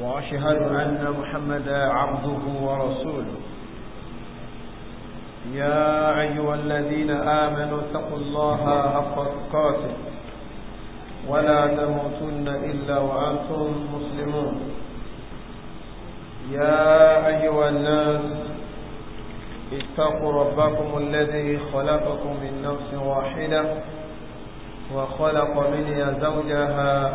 وأشهد أن محمدا عبده ورسوله يا أيها الذين آمنوا اتقوا الله حق ولا تموتن إلا وأنتم مسلمون يا أيها الناس اتقوا ربكم الذي خلقكم من نفس واحدة وخلق منها زوجها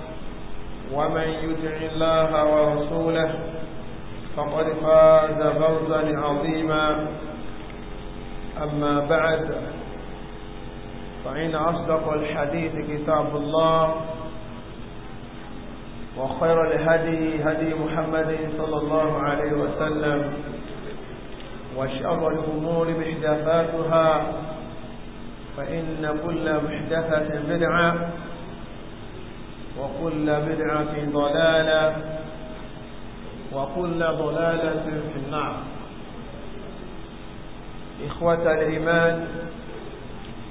ومن يطع الله ورسوله فقد فاز فوزا عظيما أما بعد فإن أصدق الحديث كتاب الله وخير الهدي هدي محمد صلى الله عليه وسلم وشر الأمور محدثاتها فإن كل محدثة بدعة وكل بدعة ضلالة وكل ضلالة في النار إخوة الإيمان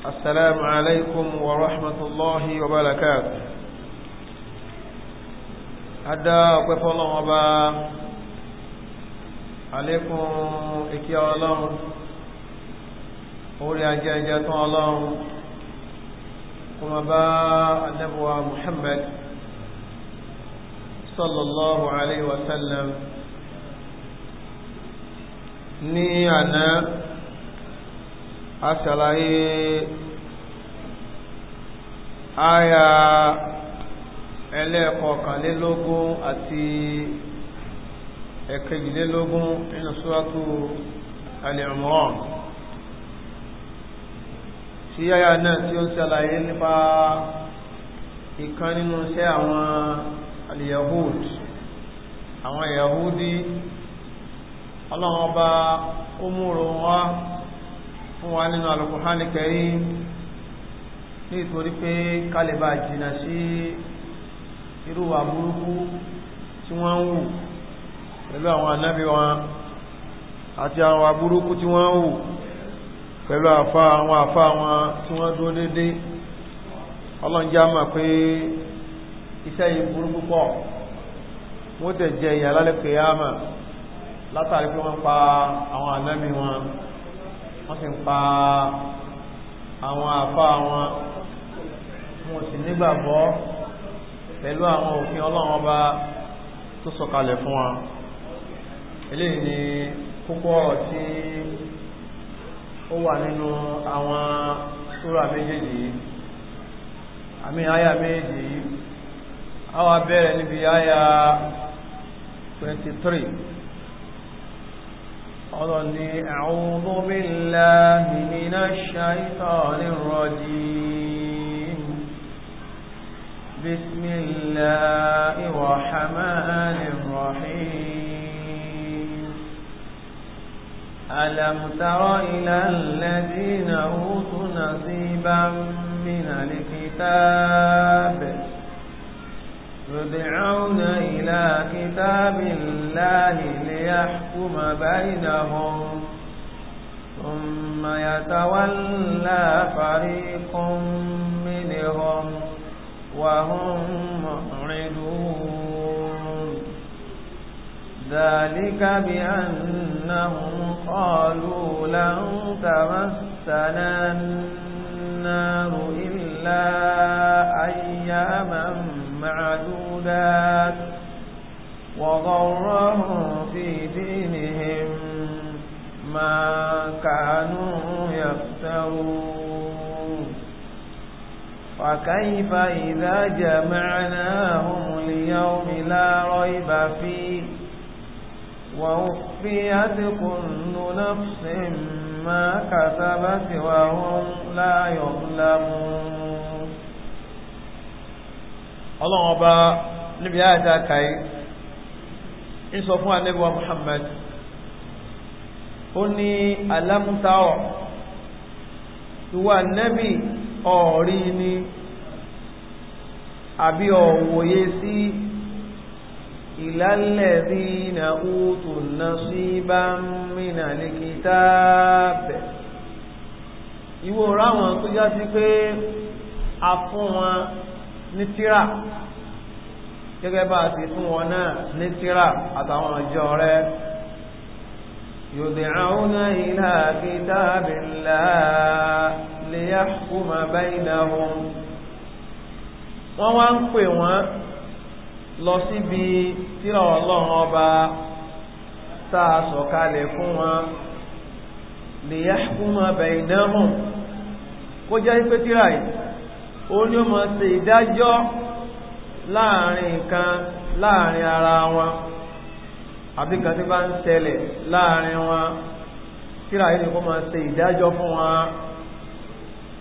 السلام عليكم ورحمة الله وبركاته أدا قف الله وبا عليكم إكيا الله أولي أجاجات الله وما با النبوة محمد صلى الله عليه وسلم ní àná a ṣàlàyé àyà ẹlẹ́ẹ̀kọ̀ọ̀kànlélógún àti ẹ̀kejìlélógún nínú suratu Al-Imran tí àyà náà tí ó ń ṣàlàyé nípa ìkan nínú iṣẹ́ àwọn aliyahud àwọn yahudi ọlọ́run ọba ó wọn wá fún wa nínú Al-Qur'ani ní nítorí pé kálíbà jìnnà sí irú àbúrúkú tí wọ́n ń wù pẹ̀lú àwọn ànábì wọn àti àwọn àbúrúkú tí wọ́n wù pẹ̀lú àwọn wọn tí wọ́n dúró iṣẹ́ yìí burú púpọ̀ wọ́n tẹ̀ jẹ ìyà lálẹ́ kìyàmà látàrí pé wọ́n pa àwọn ànábì wọn wọ́n sì ń pa àwọn àfá wọn wọ́n sì nígbàgbọ́ pẹ̀lú àwọn òfin ọlọ́run ọba tó sọ̀kalẹ̀ fún wa eléyìí ni kókó ọ̀rọ̀ tí ó wà nínú àwọn súra méjèèjì àmì àyà méjèèjì yìí àwọn abẹ́rẹ́ níbi àyà 23 ọlọ́ni a'udhu billahi minash shaitanir rajim bismillahir rahmanir rahim alam tara ila alladhina utu nasiban min alkitab يدعون إلى كتاب الله ليحكم بينهم ثم يتولى فريق منهم وهم معرضون ذلك بأنهم قالوا لن تمسنا النار إلا أياما معدودات وغرهم في دينهم ما كانوا يفترون فكيف إذا جمعناهم اليوم لا ريب فيه ووفيت كل نفس ما كسبت وهم لا يظلمون ọlọ́run ọba níbi àyàtà kàí ń sọ fún anábíwá Muhammad ó ní alámútáọ̀ ìwà nẹ́bì ọ̀rí ni àbí ọ̀wòye sí ìlàlẹ̀rí na útù na sí bá mìnà lè kìtà bẹ̀. ìwò ráwọn tó já sí pé a fún wọn ní tíra gẹ́gẹ́ bá a ti fún wọn náà ní tíra àtàwọn ọjọ́ rẹ̀ يدعون إلى كتاب الله ليحكم بينهم wọ́n wá ń pè wọ́n lọ síbi tíra ọlọ́run ọba tá a sọ̀kalẹ̀ fún wọn liyahkuma baynahum kó jẹ́ pé tíra yìí onye ní ṣe ìdájọ́ láàrin nǹkan láàrin ara wọn àbí kan tí bá ń ṣẹlẹ̀ láàrin wọn tíra yìí ni kó máa ṣe ìdájọ́ fún wọn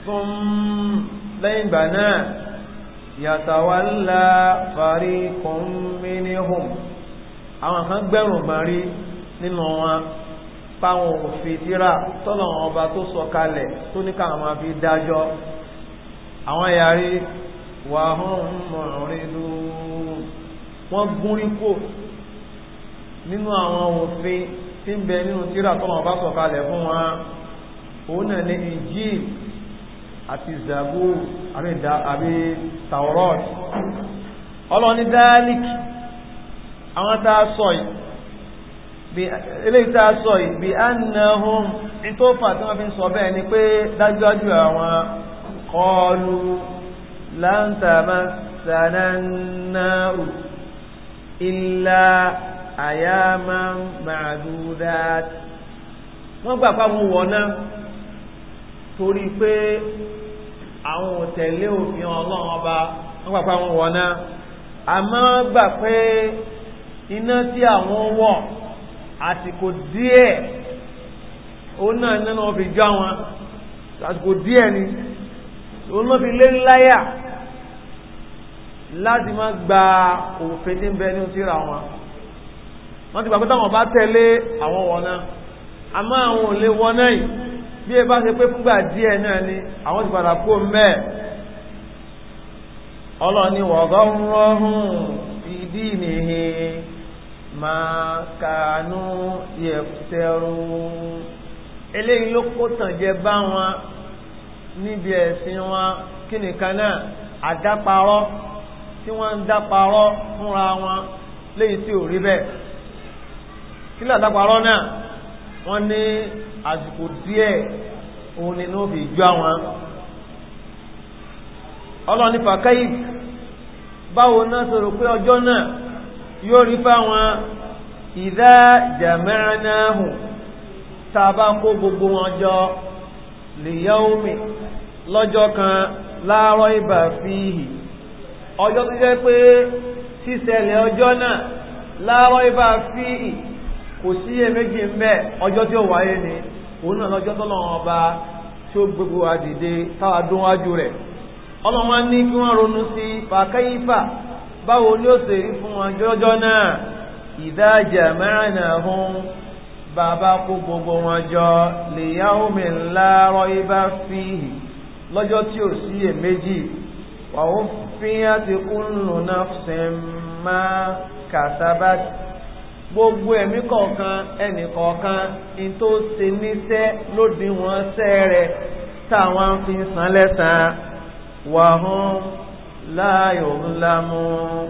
fún lẹ́yìn ìgbà náà yàtàwálà fariqun minhum àwọn kan gbẹ̀rùn nínú wọn òfin tíra tọ́lọ̀ ọba tó sọ kalẹ̀ tó ní káwọn máa fi dájọ́ àwọn yàrí wà hàn mọ̀rin ló wọ́n gúnrí kò nínú àwọn òfin tí ń bẹ nínú tírà tó wọn bá sọ̀kalẹ̀ fún wa òun náà ní Injil àti Zabur àbí Taurat ọlọ́ni dáálík àwọn tá a sọ yìí eléyìí tá a sọ yìí bí annahum ìtòfà tí wọ́n fi ń sọ bẹ́ẹ̀ ni pé dájúdájú àwọn قالوا لن تمسنا النار إلا أياما معدودات wọ́n gbà fáwọn wọ̀ná torí pé àwọn òtẹ̀lé òfin ọlọ́run ọba wọ́n gbà fáwọn wọ̀ná àmọ́ gbà pé iná tí àwọn wọ̀ àsìkò díẹ̀ òun náà iná náà fi já wọn àsìkò díẹ̀ ni òun ló fi lé láyà láti máa gba òfin tí ń bẹ ní tíra wọn wọ́n ti gbà pé táwọn bá tẹ̀lé àwọn wọ̀nà àmọ́ àwọn ò lè wọ̀nà yìí bí ẹ bá ṣe pé fúngbà díẹ̀ náà ni àwọn ti padà kó mẹ́ẹ̀ ọlọ́ni wọ̀gọ́ ìdí nìhe máa kàánú yẹ̀fẹ́rù eléyìí ló kó tàn jẹ bá wọn níbi ẹ̀sìn wọn kí nìkan náà àdáparọ́ tí wọ́n ń dáparọ́ fúnra wọn léyìí tí ò rí bẹ́ẹ̀ kí ló àdáparọ́ náà wọ́n ní àsìkò díẹ̀ òun ni ní òbí ju àwọn ọlọ́ni fàkẹ́yì báwo náà sọ̀rọ̀ pé ọjọ́ náà yóò rí fáwọn ìdá gbogbo wọn lìyàómi lọ́jọ́ kan láàárọ̀ ìbà fíhì ọjọ́ tó jẹ́ pé sísẹlẹ̀ ọjọ́ náà láàárọ̀ ìbà fíhì kò sí èméjì ń ọjọ́ tí ó wáyé ni òun náà lọ́jọ́ tó lọ́wọ́ ọba tí ó gbogbo àdìde táwa dún wájú rẹ̀ ọlọ́mọ ní kí wọ́n ronú sí fàkẹ́yífà báwo ni ó ṣe rí fún wọn jọjọ́ náà ìdájà mẹ́rin náà hún bàbá kó gbogbo wọn jọ liyaumil la raiba fihi lọ́jọ́ tí ò sí èméjì wa uffiyat kullu nafsin ma kasabat gbogbo ẹ̀mí kọ̀ọ̀kan ẹnì kọ̀ọ̀kan in tó ṣe níṣẹ́ lódiwọ̀n ṣẹ́ rẹ̀ táwọn fi san lẹ́sàn-án wa hum la yuzlamun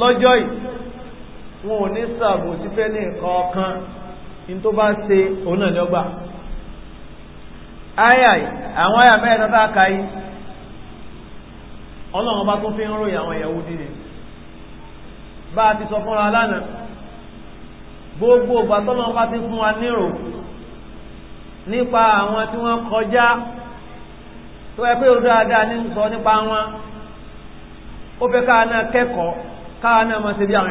lọ́jọ́ yìí wọn ò ní sàbò ní nǹkan ọ̀kan in tó bá ṣe òun náà ni ọgbà àyà àwọn àyà mẹ́rin tó dáka yìí ọlọ́run bá tún fi ń ròyìn àwọn ìyàwó bá a ti sọ fúnra lánàá gbogbo ìgbà tọ́lọ́run bá ti fún wa nírò nípa àwọn tí wọ́n kọjá tó ẹ pé dáadáa ní sọ nípa wọn ó fẹ́ káà náà kẹ́kọ̀ọ́ káà náà máa ṣe bí àwọn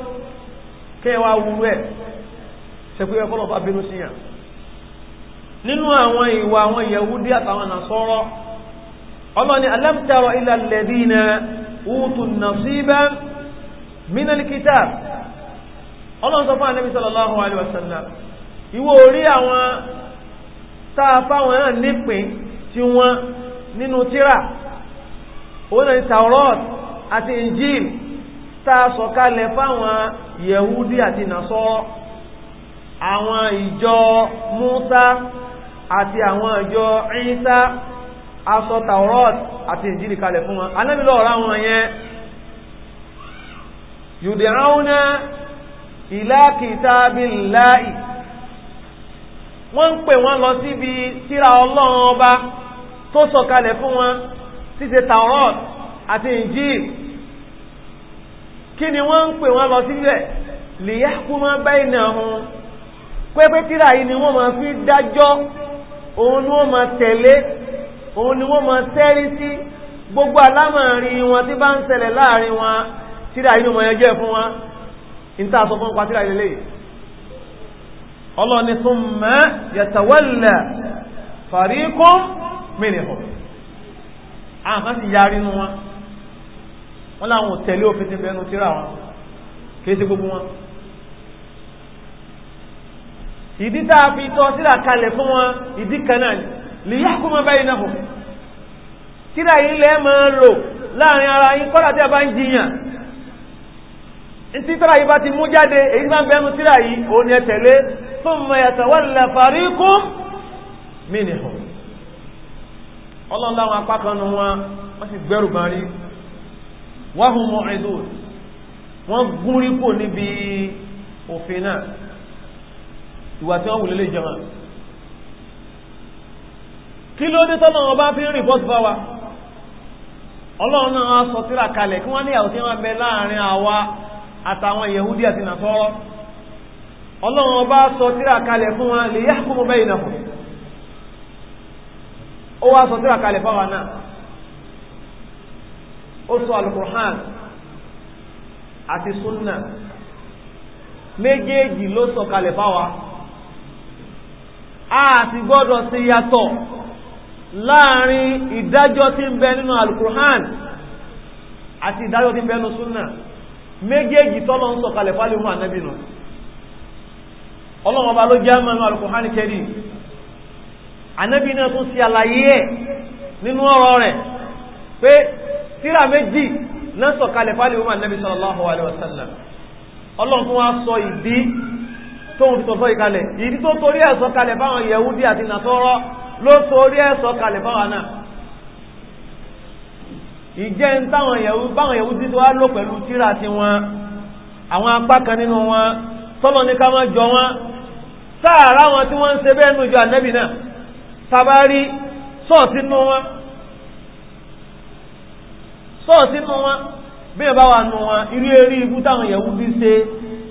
kẹ́ wá wúrú ẹ̀ ṣẹ̀kú ẹ̀ fọ́lọ́fà bínú sí yàn nínú àwọn ìwà àwọn Yahudi àtàwọn Nasara ọlọ́ni alam tara ila alladhina utu nasiba min alkitab ọlọ́run sọ fún àti Injil ta a sọ̀kalẹ̀ fáwọn yẹ̀húdí àti nàṣọ́rọ́ àwọn ìjọ Mùsá àti àwọn ìjọ Ìsá aṣọ Taurat àti Ìnjílì kalẹ̀ fún wọn anábìlọ̀ ọ̀rá wọn yẹn yùdìráúnà ila kitabillahi wọ́n ń pè wọ́n lọ síbi tírà Ọlọ́run ọba tó sọ̀kalẹ̀ fún wọn àti kí ni wọ́n ń pè wọ́n lọ síbẹ̀ lè yá kú máa báyìí náà hun pẹ́pẹ́ tíra yìí ni wọ́n máa fi dájọ́ òun ni wọ́n máa tẹ̀lé òun ni wọ́n máa tẹ́rí sí gbogbo alámọ̀rin wọn tí bá ń ṣẹlẹ̀ láàrin wọn tíra yìí ni wọ́n yẹjẹ́ fún wọn níta sọ fún pa tíra yìí lélẹ́yìí ọlọ́ni tún mẹ́ yẹ̀tẹ̀wẹ́lẹ̀ fàríkún mìíràn àwọn kan ti yarí nu wọn wọ́n láwọn tẹ̀lé òfin ti bẹnu tíra wọn kìí sí gbogbo wọn ìdí tá a fi tọ́ síra kalẹ̀ fún wọn ìdí kan náà lè yá kó máa báyìí náà fò tíra yìí lẹ́ máa ń láàrin ara yín kọ́lá tí a bá ń jiyàn tí tíra yìí bá ti mú jáde èyí máa ń bẹnu tíra yìí òun ni ẹ tẹ̀lé thumma yatawalla fariqum minhum ọlọ́run láwọn apá kan nu wọn wọ́n sì gbẹ́rù gan rí wọ́n hùn wọ́n níbi òfin náà ìwà tí wọ́n wù lélẹ̀ jẹun kí ló dé ọba fi ń rìpọ́tù bá wa ọlọ́run náà sọ tíra kalẹ̀ kí wọ́n ní àwọn tí wọ́n bẹ láàrin àwa àtàwọn yehudi àti nàtọ́rọ́ ọba sọ kalẹ̀ fún lè yá bẹ́yìn náà ó wá sọ ó sọ alukur'an àti sunna méjèèjì ló sọ kalẹ̀ fáwa a ti gbọ́dọ̀ sí yàtọ̀ láàrin ìdájọ́ tí ń bẹ nínú alukur'an àti ìdájọ́ tí ń bẹ nínú sunna méjèèjì tọ́lọ ń sọ kalẹ̀ fálẹ̀ mú ànábì nù ọlọ́run ọba ló jẹ́ mọ́ nínú alukur'an kẹrì ànábì náà tún sí àlàyé ẹ̀ nínú ọ̀rọ̀ rẹ̀ pé tíra méjì náà sọ̀kalẹ̀ fálẹ̀ wọ́n nàbí sallallahu alaihi wasallam ọlọ́run fún wa sọ ìdí tó ń sọ ìkalẹ̀ ìdí tó torí ẹ̀ sọ̀kalẹ̀ fáwọn yẹ̀wúdí àti nàtọ́rọ́ ló torí ẹ̀ sọ̀kalẹ̀ fáwọn náà ìjẹ́ ń táwọn yẹ̀wú báwọn yẹ̀wú títí wá lò pẹ̀lú tíra ti wọn àwọn apá kan nínú wọn tọ́lọ ní ká máa jọ wọn sáàrá sọ́ọ̀sí nù wọn bí ẹ bá wà nù wọn irú eré ibú táwọn yẹ̀wú bí ṣe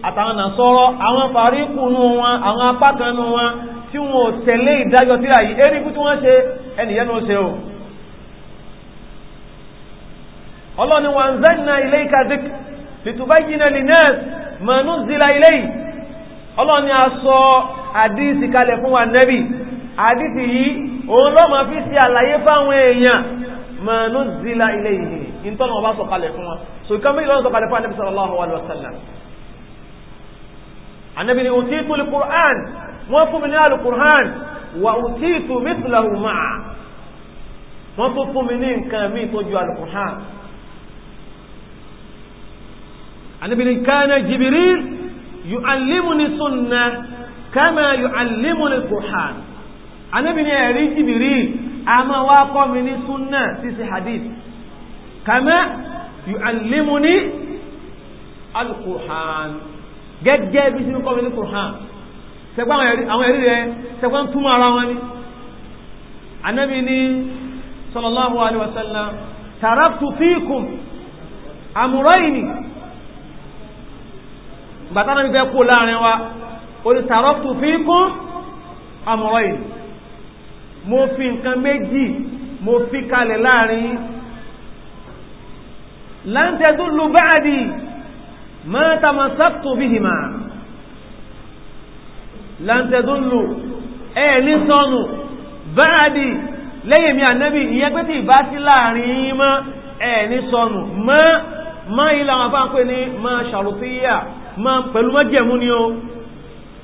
àtàwọn nà sọ̀rọ̀ àwọn fàríkù nù wọn àwọn apá kan nù wọn tí wọn ò tẹ̀lé ìdájọ́ tíra yìí eré ibú tí wọ́n ṣe ẹnìyẹn ló ṣe o. ọlọ́ni wa anzalna ilayka dhikra litubayyina linnas ma nuzzila ilayhi ọlọ́ni a sọ kalẹ̀ fún wa nẹ́bì àdíìsì yìí òun lọ́mọ fi ṣe àlàyé fáwọn èèyàn ma nuzzila ilayhi ìtọ́nà ọba sọ̀kalẹ̀ fún wọn so ìkan méjì lọ́nà sọ̀kalẹ̀ fún anabi sallallahu alaihi wasallam anabi ni utitu li qur'an wọ́n fún mi ní alukur'an wa utitu mithlahu ma'a wọ́n tún a máa wá kọ́ mi ní sunna sísè hadith kàmá yu'allimuni alukur'an gẹ́gẹ́ bí sínú kọ́mi ní kur'an sẹ́gbọ́n àwọn ẹ̀rí rẹ̀ sẹ́gbọ́n túmọ̀ ara wọn ni anabi ni sallallahu alaihi wasallam taraktu fikum amuraini bàtà náà fẹ́ kó láàrin wa ó ní taraktu fikum amuraini mo fi nǹkan méjì mo fi kalẹ̀ láàrin lan tadullu ba'di ma tamassaktu bihima lan tadullu ẹ̀ ní sọnù ba'di lẹ́yìn mi ànábì ìyẹn pé tí ìbá sí láàrin mọ́ ẹ̀ ní sọnù mọ́ mọ́ ilẹ̀ àwọn afá ń pè ní mọ́ ṣàrùtíyà mọ́ pẹ̀lú mọ́jẹ̀mú ni o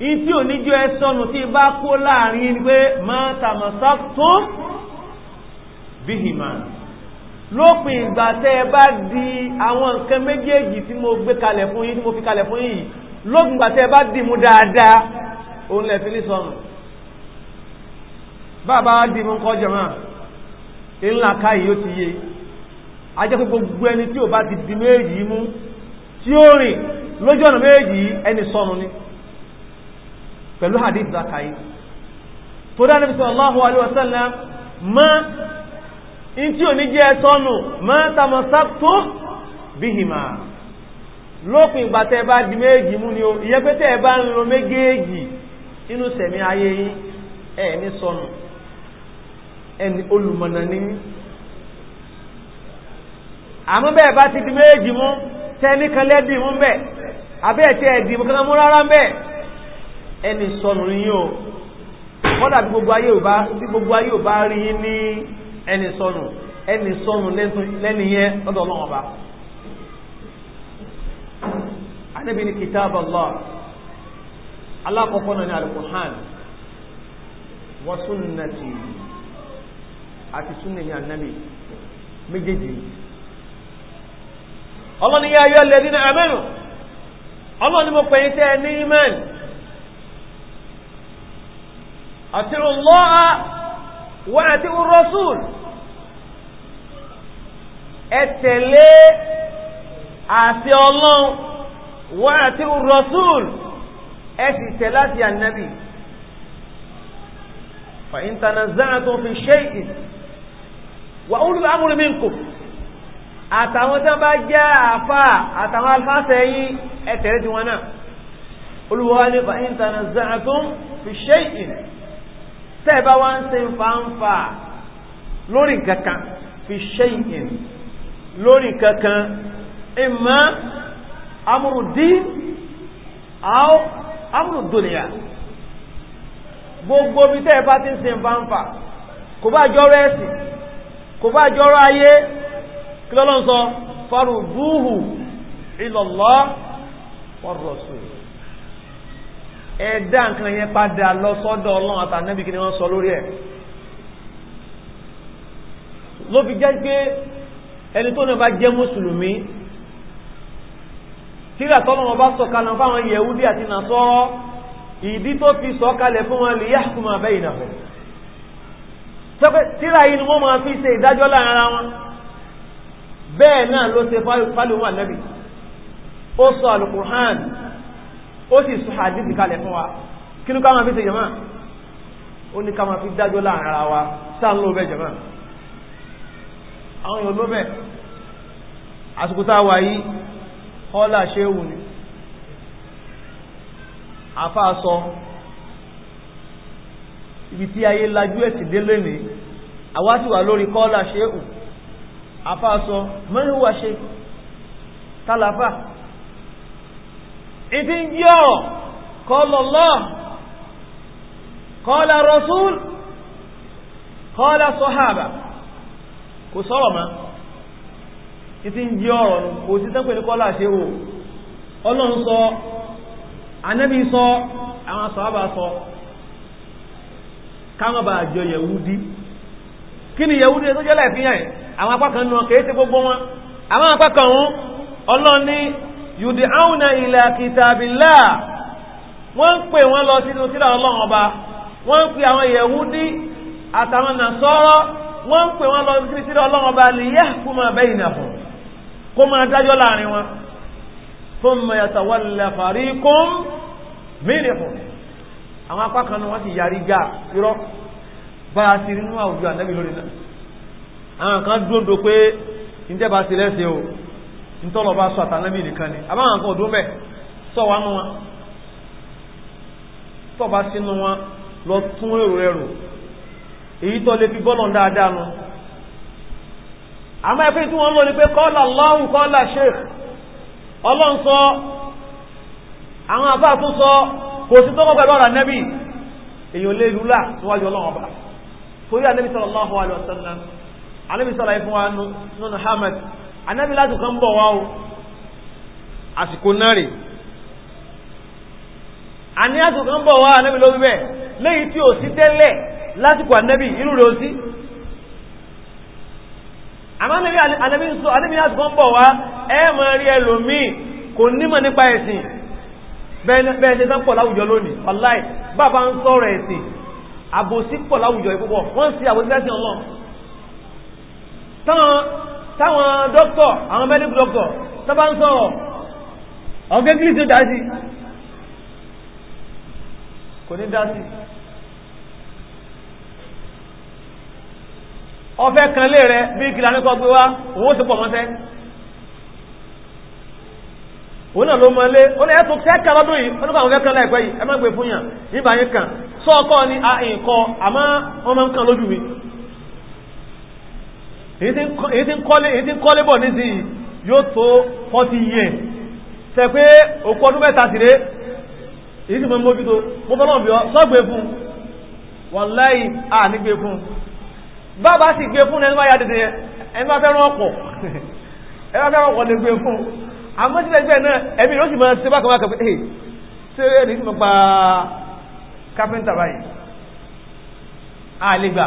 in tí ò níjọ ẹ sọnù tí bá kó láàrin ni pé mọ́ tamassaktu bihima lópin ìgbà tẹ́ ẹ bá di àwọn nǹkan méjèèjì tí mo gbé kalẹ̀ fún yín tí mo fi kalẹ̀ fún yín lópin ìgbà tẹ́ ẹ bá di mu dáadáa òun lẹ̀ fi lè sọnù bàbá wa di mu ńkọ́ jẹ̀mọ́ ńlá káyìí ó ti yé ajẹ́ pé gbogbo ẹni tí ò bá ti di méjì mú tí ó rìn lójú ọ̀nà méjì ẹni sọnù ni pẹ̀lú hadith zakayi tó dáa níbi sallallahu alaihi wasallam mọ́ in tí ò ní jẹ́ sọ́nù mọ́tàmọ́ sáptó bíhìmà lópin ìgbà tẹ́ bá di méjì mú ni o ìyẹn pé tẹ́ bá ń lo méjèèjì nínú sẹ̀mí ayé yín ẹ̀ ní sọ́nù ẹni olùmọ̀nà ní àmọ́ bẹ́ẹ̀ bá ti di méjì mú tẹ́ni kan lẹ́dì mú bẹ́ẹ̀ abẹ́ ẹ̀tẹ́ ẹ̀dì mú kankan mú rárá bẹ́ẹ̀ ẹni sọnù yín o kọ́dà bí gbogbo ayé ò bá rí ní ẹni sọnù ẹni sọnù lẹ́ni yẹn lọ́dọ̀ ọlọ́run ọba anabi ni kitab allah alakoko na ni alukuhan wa sunnati àti sunna ni anabi méjèèjì ọlọ́ni yá ayọ́ lẹ́ni na amẹ́nu ọlọ́ni mo pẹ̀yìn tẹ́ ẹ ní imẹ́n àti ọlọ́ọ̀ wa ati'u rasul ẹ tẹ̀lé àti ọlọ́run wa ati'u rasul ẹ sì tẹ̀ láti ànábì fa in tanaza'tum fi shay'in wa ulul amri minkum àtàwọn tí wọ́n bá jẹ́ àfà àtàwọn alfáàsẹ̀ yìí ẹ tẹ̀lé tiwọn náà olùwọ́ wa fa in tanaza'tum fi shay'in tẹ́ ẹ bá wá ń ṣe fàǹfà lórí nǹkan kan fi ṣẹ́yìn lórí nǹkan kan ìmọ̀ amúrùdín àwọn amúrùdùnìyà gbogbo bí tẹ́ ẹ bá ti ń ṣe fàǹfà kò bá jọrọ ẹ̀sìn kò bá jọrọ ayé kí lọ́lọ́ sọ farubúhù ẹ dá nǹkan yẹn padà lọ sọ́dọ̀ ọlọ́run àtànẹ́bí kí ni wọ́n sọ lórí ẹ̀ ló fi jẹ́ pé ẹni tó náà bá jẹ́ mùsùlùmí tíra tọ́lọ́wọ́ bá sọ̀kalẹ̀ fáwọn yẹ̀wúdí àti nàṣọ́rọ́ ìdí tó fi sọ̀kalẹ̀ fún wọn lè yáàkùnmọ̀ abẹ́ ìnàfẹ́ tíra yìí ni wọ́n máa fi ṣe ìdájọ́ láàrin ara wọn bẹ́ẹ̀ náà ló ṣe fálùmọ́ ànẹ́bí ó sọ àlùkùránì ó sì sọ àdìsí kalẹ̀ fún wa kí ló ká máa fi ṣe jẹ̀mọ́ ó ní ká máa fi dájọ́ láàrin ara wa sáà ń lò bẹ́ẹ̀ jẹ̀mọ́ àwọn èèyàn ló a wà yìí ọlá ṣe wù ní àfáà sọ ibi tí ayé lajú ẹ̀ ti dé lónìí àwa wà lórí kọ́lá ṣe wù àfáà sọ mẹ́rin wà ṣe tálàfáà ìdí ń jẹ́ ọ̀rọ̀ qala Allah qala rasul qala ma ìdí ń jẹ́ ọ̀rọ̀ kò sí tẹ́pẹ̀ ní kọ́lá ṣe wò ọlọ́run sọ anábì sọ àwọn sahaba sọ káwọn bá àjọ yẹ̀wúdí kí ni yẹ̀wúdí ya jẹ́ láìfihàn àwọn kan yud'auna ila kitabillah wọ́n ń pè wọ́n lọ sínú sílẹ̀ ọlọ́run ọba wọ́n ń pè àwọn yẹ̀húdí àtàwọn nàṣọ́rọ́ wọ́n ń pè wọ́n lọ sínú sílẹ̀ ọlọ́run ọba liyahkuma bainahum kó máa dájọ́ láàrin wọn thumma yatawalla fariqum minhum àwọn apá kan náà wọ́n ti yarí gá irọ́ bá a ti rí nínú àwùjọ ànábì lórí náà àwọn kan dúró do pé ìjẹba ti lẹ́sẹ̀ o nítọ́lọ̀ bá sọ àtàlẹ́mì nìkan ni àbáwọn nǹkan òdó bẹ̀ sọ wá nú wọn sọ bá sínú wọn lọ tún èrò ẹrù èyí tó lè fi bọ́lọ̀ dáadáa nu àmọ́ ẹgbẹ́ tí wọ́n lò ní pé kọ́lá Allahu kọ́lá sheikh ọlọ́run sọ àwọn àbá tó sọ kò sí tọ́kọ́ pẹ̀lú ọ̀rọ̀ nẹ́bì èyàn lè rúlà níwájú ọlọ́run ọba torí ànẹ́bì sallallahu alaihi wasallam ànẹ́bì sọ̀rọ̀ ìfún wa nínú hamad anábì lásìkò kan bọ̀ wá o àsìkò náà rè àní àsìkò kan bọ̀ wá anábì ló wíwẹ̀ léyìí tí ò sí tẹ́lẹ̀ lásìkò anábì irú rẹ̀ ó sí àmọ́ anábì sọ anábì lásìkò kan bọ̀ wá ẹ máa rí ẹlòmíì kò nímọ̀ nípa ẹ̀sìn bẹ́ẹ̀ ṣe tán láwùjọ lónìí wàláì bàbá ń sọ̀rọ̀ ẹ̀sìn àbòsí pọ̀ láwùjọ ìpúpọ̀ wọ́n sí àbòsí lẹ́sìn ọlọ́run táwọn dókítọ̀ àwọn mẹ́lẹ́kù dókítọ̀ tó bá ń sọ̀rọ̀ ọ̀gẹ́ gírísì dá sí kò ní dá sí ọfẹ́ kan lé rẹ bí kìlá ní kọ́ pé wá òun ó sì pọ̀ mọ́sẹ́ òun náà ló mọ ilé ó ní ẹ tún kẹ́kẹ́ lọ́dún yìí ó ní báwọn kẹ́kẹ́ láìpẹ́ yìí ẹ má gbé fún yàn nígbà yín kan sọ ni a nǹkan àmọ́ wọ́n máa ń kàn lójú mi èyí tí ń kọ́lé bọ̀ nísìnyí yóò tó 40 years tẹ pé òkú ọdún mẹ́ta sí rẹ̀ èyí tí mọ́ mójútó mọ́bọ́nà bí ọ sọ́gbé fún wàláhì à nígbé fún bàbá sì gbé fún ẹni máa ya dẹ̀dẹ̀ ẹni máa fẹ́ràn ọ̀pọ̀ ẹni máa fẹ́ràn ọ̀pọ̀ lè gbé fún àmọ́ sí ẹgbẹ́ náà ẹ̀mí yóò sì máa ṣe bákan bákan pé ṣé ẹni sì mọ́ pa kápẹ́ńtà báyìí àlegbà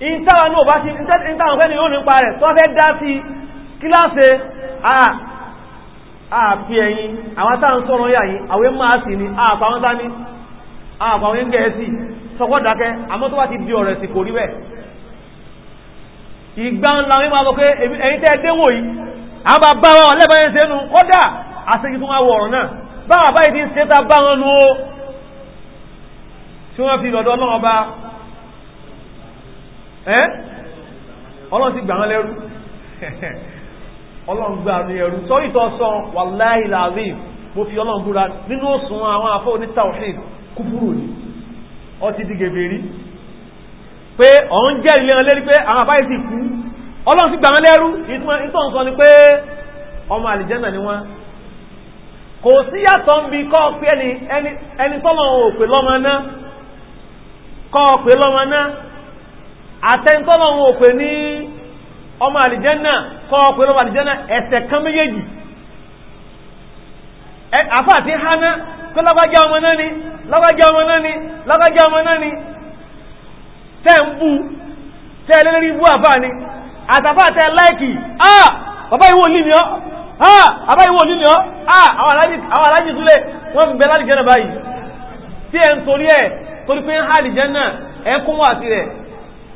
ìtàwọn ní ọba sí ìtàwọn fẹ́ ni yóò nípa rẹ̀ tó fẹ́ dá sí kíláàsì àpí ẹ̀yìn àwọn táwọn sọ́rọ̀ yà yìí àwẹ́ máa sì ní àpàwọn sáni àpàwọn ń gẹ̀ẹ́sì sọkọ́dákẹ́ àmọ́ tó bá ti di ọ̀rẹ̀ sí kò rí bẹ́ẹ̀ ìgbà ńlá wípé àwọn pé ẹ̀yìn tẹ́ déwò yìí àwọn bá bá wọn lẹ́bẹ̀ẹ́ ṣe nu kọ́dà àṣejì tó wá wọ ọ̀rọ̀ náà báwọn báyìí ti ń ṣe tá bá wọn nu ó tí wọ́n fi lọ́dọ̀ ọlọ́run ọba ẹ́ ọlọ́run ti gbà wọn lẹ́rú ọlọ́run gbà ní ẹrú mo fi ọlọ́run búra nínú òsùn àwọn afọ́ oní tawhid kúfúrò ní pé jẹ́ ilé wọn pé àwọn àbáyé ti kú ọlọ́run ti gbà lẹ́rú ni pé ọmọ àlìjẹ́nà ni wọ́n kò sí yàtọ̀ ń bi kọ́ pé ẹni tọ́lọ̀ òpè lọ́mọ àtẹ́ntọ́nà wọn ò pè ní ọmọ àlìjẹ́nà kọ́ ọ pé àlìjẹ́nà ẹ̀sẹ̀ kan méjèèjì àfà àti hana pé lágbájá ọmọ náà ni lágbájá ọmọ náà ni lágbájá ọmọ náà ni tẹ́ ń bú tẹ́ lórí bú àfà ni àtàfà tẹ́ láìkì ah bàbá ìwò ní ni ọ́ ah bàbá ìwò ní ni ọ́ ah àwọn alájì túlẹ̀ wọ́n bẹ lálìjẹ́nà báyìí tí ẹ ń torí ẹ̀ torí pé ń hálìjẹ́nà ẹkún wà sí rẹ̀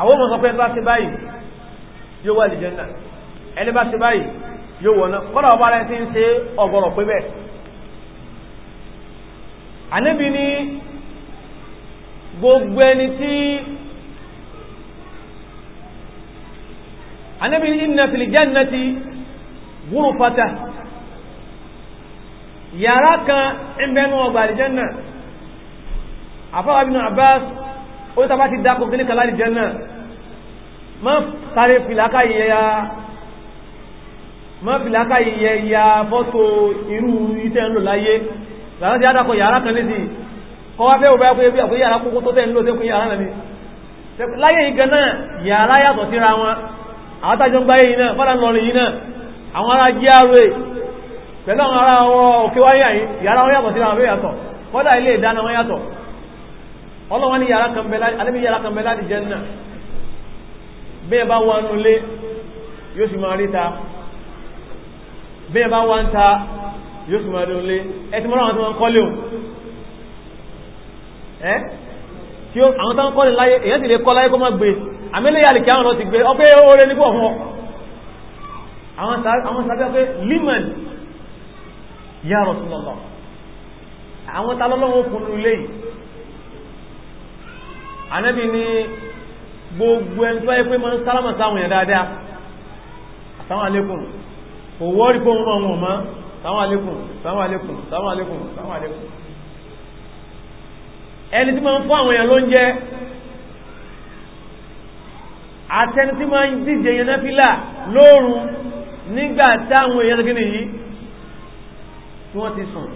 àwọn ọmọ sọ pé ẹni bá ṣe báyìí yóò wà lè jẹ́nà ẹni bá ṣe báyìí yóò wọ̀nà kọ́nà ọba rẹ̀ ti ń ṣe ọgọ́rọ̀ pé bẹ́ẹ̀ àníbi ni gbogbo ẹni tí àníbi ni inna fil jannati ghurfata yàrá kan ń bẹnu ọgbà àlìjẹ́nà àfọwọ́ Ibn Abbas ó ní tàbá ti dákò kí ní kàlá ìjẹ́ náà mọ́ sáré fìlákà yẹ ya fọ́tò iru iṣẹ́ ń lo laye. làwọn ti dákò yàrá kan lédi kọ́ wá fẹ́ òbá pé àpé yàrá kókó tó tẹ́ ń lò tẹ́kù yàrá náà ni láyé yìí gan náà yàrá yàtọ̀ síra wọn àwọn tájọ ń gbáyé yìí náà fọ́nà lọrin yìí náà àwọn ará GRA pẹ̀lú àwọn ará òkè wáyé yàrá wọn yàtọ̀ síra wọn yàtọ̀ kọ́dà ilé ìdáná wọn yàtọ̀ ọlọ́wọ́n ní yàrá kan bẹ̀lá alẹ́bí yàrá kan bẹ̀lá àdìjẹ́nà bẹ́ẹ̀ bá wà ń lé yóò sì máa rí ta bẹ́ẹ̀ bá wà ń ta yóò sì máa rí lé ẹtí mọ́ra àwọn tí wọ́n ń kọ́lé o ẹ́ tí àwọn tó ń kọ́lé láyé èyàn sì lè kọ́ láyé kó ànábì ní gbogbo ẹni tó wáyé pé máa ń sálámà sáwọn yẹn dáadáa àtàwọn àlékún kò wọ́ọ̀rì pé òun náà wọ̀n mọ́ sáwọn àlékún sáwọn àlékún sáwọn àlékún sáwọn àlékún ẹni tí máa ń fún àwọn èèyàn ló ń jẹ àtẹni tí máa ń díje yẹn náà fílà lóòrùn nígbà táwọn èèyàn kí nìyí tí wọ́n ti sùn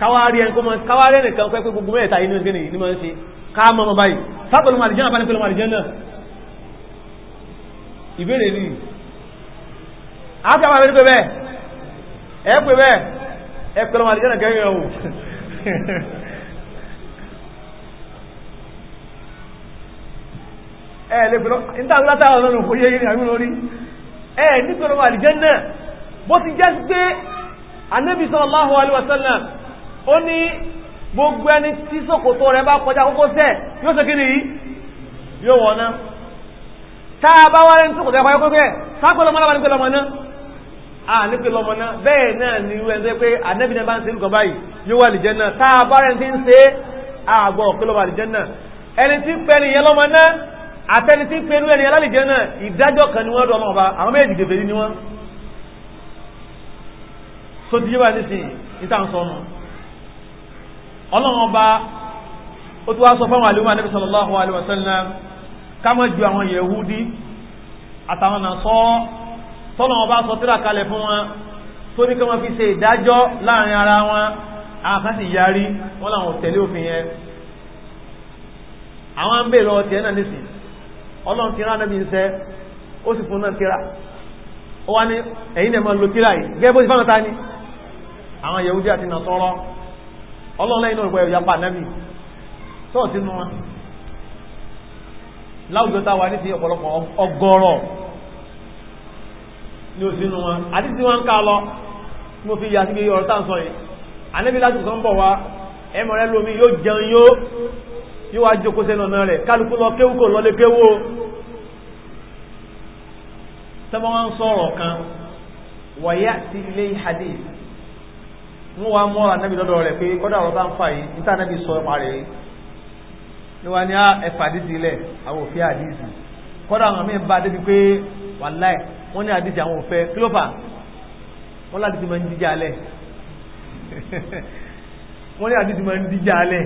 káwárí ẹni kó mọ́ káwárí ẹni kan pẹ́pẹ́ gbogbo mẹ́ta inú gẹ́nì ní mọ́ sí káàmọ́ mọ́ báyìí sápẹ̀lú màrìjánà bá ní pẹ̀lú màrìjánà ìbéèrè ní àtàwà pẹ́ bẹ́ẹ̀ ẹ pẹ́ bẹ́ẹ̀ ẹ pẹ̀lú màrìjánà gẹ́rin ọ̀hún ẹ lè pẹ̀lú ìtàlátà ọ̀nà kò yẹ yìí àmì lórí ẹ ní pẹ̀lú màrìjánà bó ti jẹ́ pé anábì sallallahu alaihi wasallam ó ní gbogbo ẹni tí sòkòtò rẹ̀ bá kọjá kókó sẹ̀ yóò ṣe kíni yìí yóò wọ̀ ná tá a bá wáyé ní sòkòtò ẹ̀kọ́ ẹ̀kọ́ ẹ̀ sápẹ́lọ́ mọ́lá bá ní pẹ́lọ́mọ náà à ní pẹ́lọ́mọ náà bẹ́ẹ̀ náà ni irú ẹni tó pé ànẹ́bí náà bá ń ṣe nǹkan báyìí yóò wà lìjẹ́ náà tá a bá rẹ̀ ti ń ṣe àgbọ̀ pẹ́lọ́mọ àlìjẹ́ náà ẹni tí pẹ́ nìyẹn lọ́mọ náà àtẹni tí pẹ́ nú ẹni alálìjẹ́ náà so ti yé wa nísìnyí ọlọ́run ọba ó tó wá sọ fáwọn àlúmà Ànábì sallallahu alaihi wasallam ká má ju àwọn yẹ̀húdí àtàwọn nà sọ tọ́lọ́run ọba sọ tíra kalẹ̀ fún wọn tó ní kí fi ṣe ìdájọ́ láàrin ara wọn àwọn kan sì yarí wọ́n làwọn tẹ̀lé òfin yẹn àwọn ń bèèrè ọtí ẹ̀ náà nísìn ọlọ́run ti rán Ànábì iṣẹ́ ó sì fún náà tíra ó wá ní ẹ̀yin náà máa lo tíra yìí gẹ́gẹ́ bó ti fáwọn ta ni àwọn yẹ̀húdí àti nà sọ́rọ́ ọlọ́run lẹ́yìn náà pẹ̀lú yapa nẹ́bì tó ti nú wọn láwùjọ táwa ní ti ọ̀pọ̀lọpọ̀ ọgọ́rọ̀ ní o sínú wọn àti tí wọ́n ń ká lọ mo fi yà síbi ọ̀rọ̀ táà ń sọ yìí ànẹ́bí láti sọ ń bọ̀ wá ẹmọ̀rẹ́ lómi yóò jẹun yóò yóò wá jókòó sẹ́nu ọ̀nà rẹ̀ kálukú lọ kéwú kò lọ lé kéwú o tọ́mọ́ wọn sọ̀rọ̀ kan wọ̀yá ti ilé hadith wọ́n wá mọ́ ànábì lọ́dọ̀ rẹ̀ pé kọ́dà ọ̀rọ̀ bá ń fà yìí níta ànábì sọ ẹ̀pà rẹ̀ ni wọ́n ní ah, ẹ̀fà àdìsí ilẹ̀ àwọn òfin àdìsí kọ́dà àwọn míì bá débi pé wàláì wọ́n ní àdìsí àwọn òfẹ́ kílófà wọ́n ládìsí máa ń díjà alẹ́ wọ́n ní àdìsí máa ń díjà alẹ́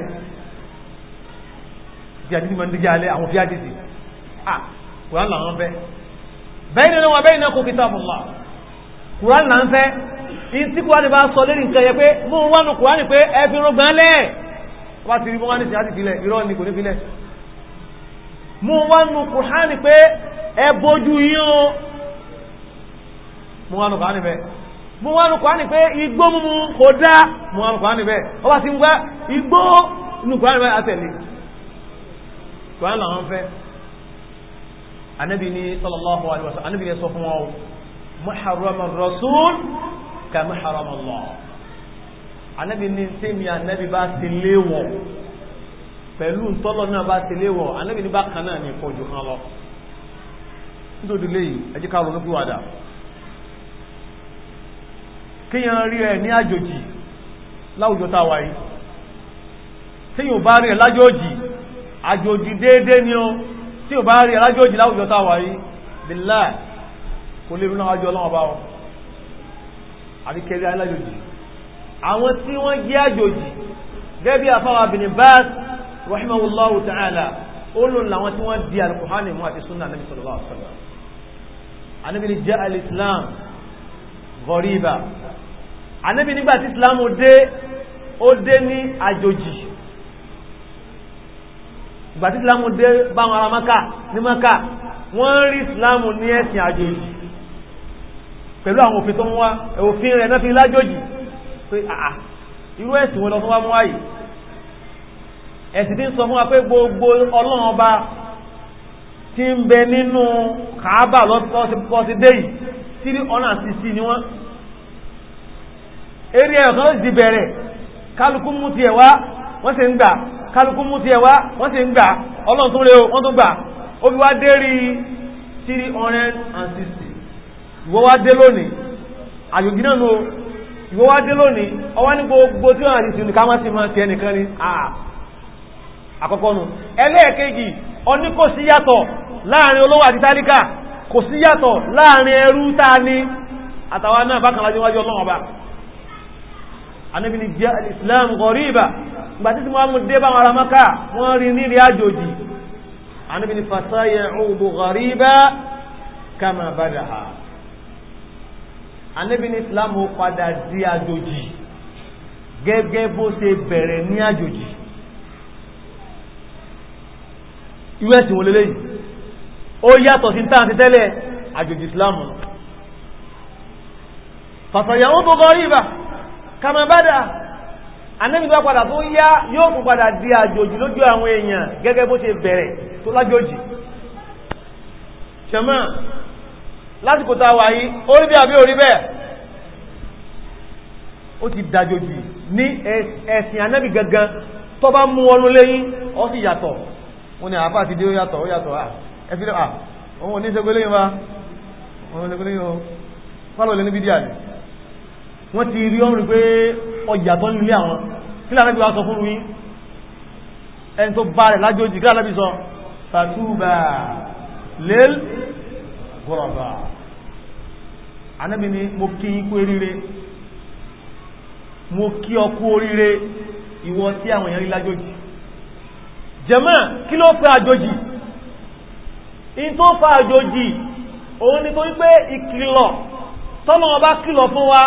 ti àdìsí máa ń díjà alẹ́ àwọn òfin àdìsí ah kùrán làwọn fẹ́ bẹ́ẹ̀ ni wọ́n bẹ́ẹ̀ ni wọ́n kó kitabullah kùrán là ń yìí tí kúránì bá sọ lérí nǹkan yẹ pé mú un wánu pé ẹ fi rún lẹ̀ wá ni kò ní filẹ̀ mú un wánu kúránì pé ẹ bójú yín o mú wánu kúránì bẹ́ẹ̀ mú wánu kúránì pé igbó mímu kò dá mú wánu bẹ́ẹ̀ ọ bá ti ń gbá igbó bẹ́ẹ̀ àtẹ̀lé làwọn fẹ́ anabi ni kàmí haramallah anabi ní sẹ́mi anabi bá ti léwọ̀ pẹ̀lú ntọ́lọ́ náà bá ti léwọ̀ anabi ní bákan náà ní ìfọ̀jù kan lọ nítorí léyìí ẹjẹ́ ká ronú bí wàdà kíyàn rí ẹ ní àjòjì láwùjọ táwà yìí tí yóò bá rí ẹ lájòjì àjòjì déédé ni ó tí yóò bá rí ẹ lájòjì láwùjọ táwà yìí bílá kò lè rúnà àjò ọlọ́wọ́ bá wọn àbí kẹrí alájòjì àwọn tí wọ́n jẹ́ àjòjì gẹ́bí àfáwà bin Baz rahimahullahu ta'ala ó lò láwọn tí wọ́n di alkùhánì mú àti súnà Nabi sallallahu alaihi wasallam Ànábì ní jẹ́ al-Islam ghariba Ànábì nígbà tí Islam ó dé ó dé ní àjòjì ìgbà tí Islam dé báwọn ará Maka ní Maka wọ́n rí Islam ní ẹ̀sìn àjòjì pẹ̀lú àwọn òfin tó mú wá òfin rẹ̀ náà fi lájòjì pé àà irú ẹ̀sìn wọn lọ fún wa mú wáyìí ẹ̀sìn tí ń sọ fún wa pé gbogbo ọlọ́run ọba tí ń bẹ nínú kàábà lọ́sí dé yìí tí ní ọ̀nà àṣìṣì ni wọ́n eré ẹ̀kan ti bẹ̀rẹ̀ kálukú mú tiẹ̀ wá wọ́n sì ń gbà kálukú mú tiẹ̀ wá wọ́n sì ń gbà ọlọ́run tún lé o wọ́n tún gbà ó fi wá dé rí three hundred and sixty ìwọ wá dé lónìí àjòjì náà nù ìwọ wá dé lónìí ọwọ́ ní gbogbo tí wọ́n àti ìsìn ká má sí máa ti ẹnìkan ni àkọ́kọ́ nù ẹlẹ́ẹ̀kejì ọní kò sí yàtọ̀ láàrin olówó àti tálíkà kò sí yàtọ̀ láàrin ẹrú tá a ní àtàwọn náà bákan wájú ọlọ́run ọba jẹ́ islam gọ̀ríbà ìgbà títí wọ́n mú dé bá wọn ara mọ́ká wọ́n rí ní ìrìn àjòjì anábì ni fasayẹ̀ ọ̀bù gọ̀ríbà kama badaha Ànábì ní Islam ó padà di àjòjì gẹ́gẹ́ bó ṣe bẹ̀rẹ̀ ní àjòjì irú ẹ̀sìn wọlé lẹ́yìn ó yàtọ̀ sí tán àti tẹ́lẹ̀ àjòjì Islam fàfàyàwó tó gọ́ rí ìbà kàmà bádà Ànábì tó padà tó yá yóò kò padà di àjòjì lójú àwọn èèyàn gẹ́gẹ́ bó ṣe bẹ̀rẹ̀ tó lájòjì lásìkò tá a wà yìí orí bí àbí orí bẹ́ẹ̀ ó ti dájò jù ní ẹ̀sìn anábì gangan tó bá mú ọrún léyìn ó sì yàtọ̀ ó ní àáfà ti dé ó yàtọ̀ ó yàtọ̀ à ẹ̀fí à òun ò ní ṣe gbéléyìn wa òun ò o fálọ̀ lé níbi díà ni wọ́n ti rí ọrùn pé ọjà tó nílé àwọn kí lànà bí wàá sọ fún yín ẹni tó bá rẹ̀ lájòjì kí lànà bí sọ fàtúbà lẹ́l gọ́rọ̀bà anábi ni mo kí ikú eríire mo kí ọkú oríire ìwọ tí àwọn èèyàn rí lájòjì jẹ́mọ́ kí ló fẹ́ àjòjì in tó fa àjòjì òun ni tó wípé ìkìlọ̀ tọ́nà ọba kìlọ̀ fún wa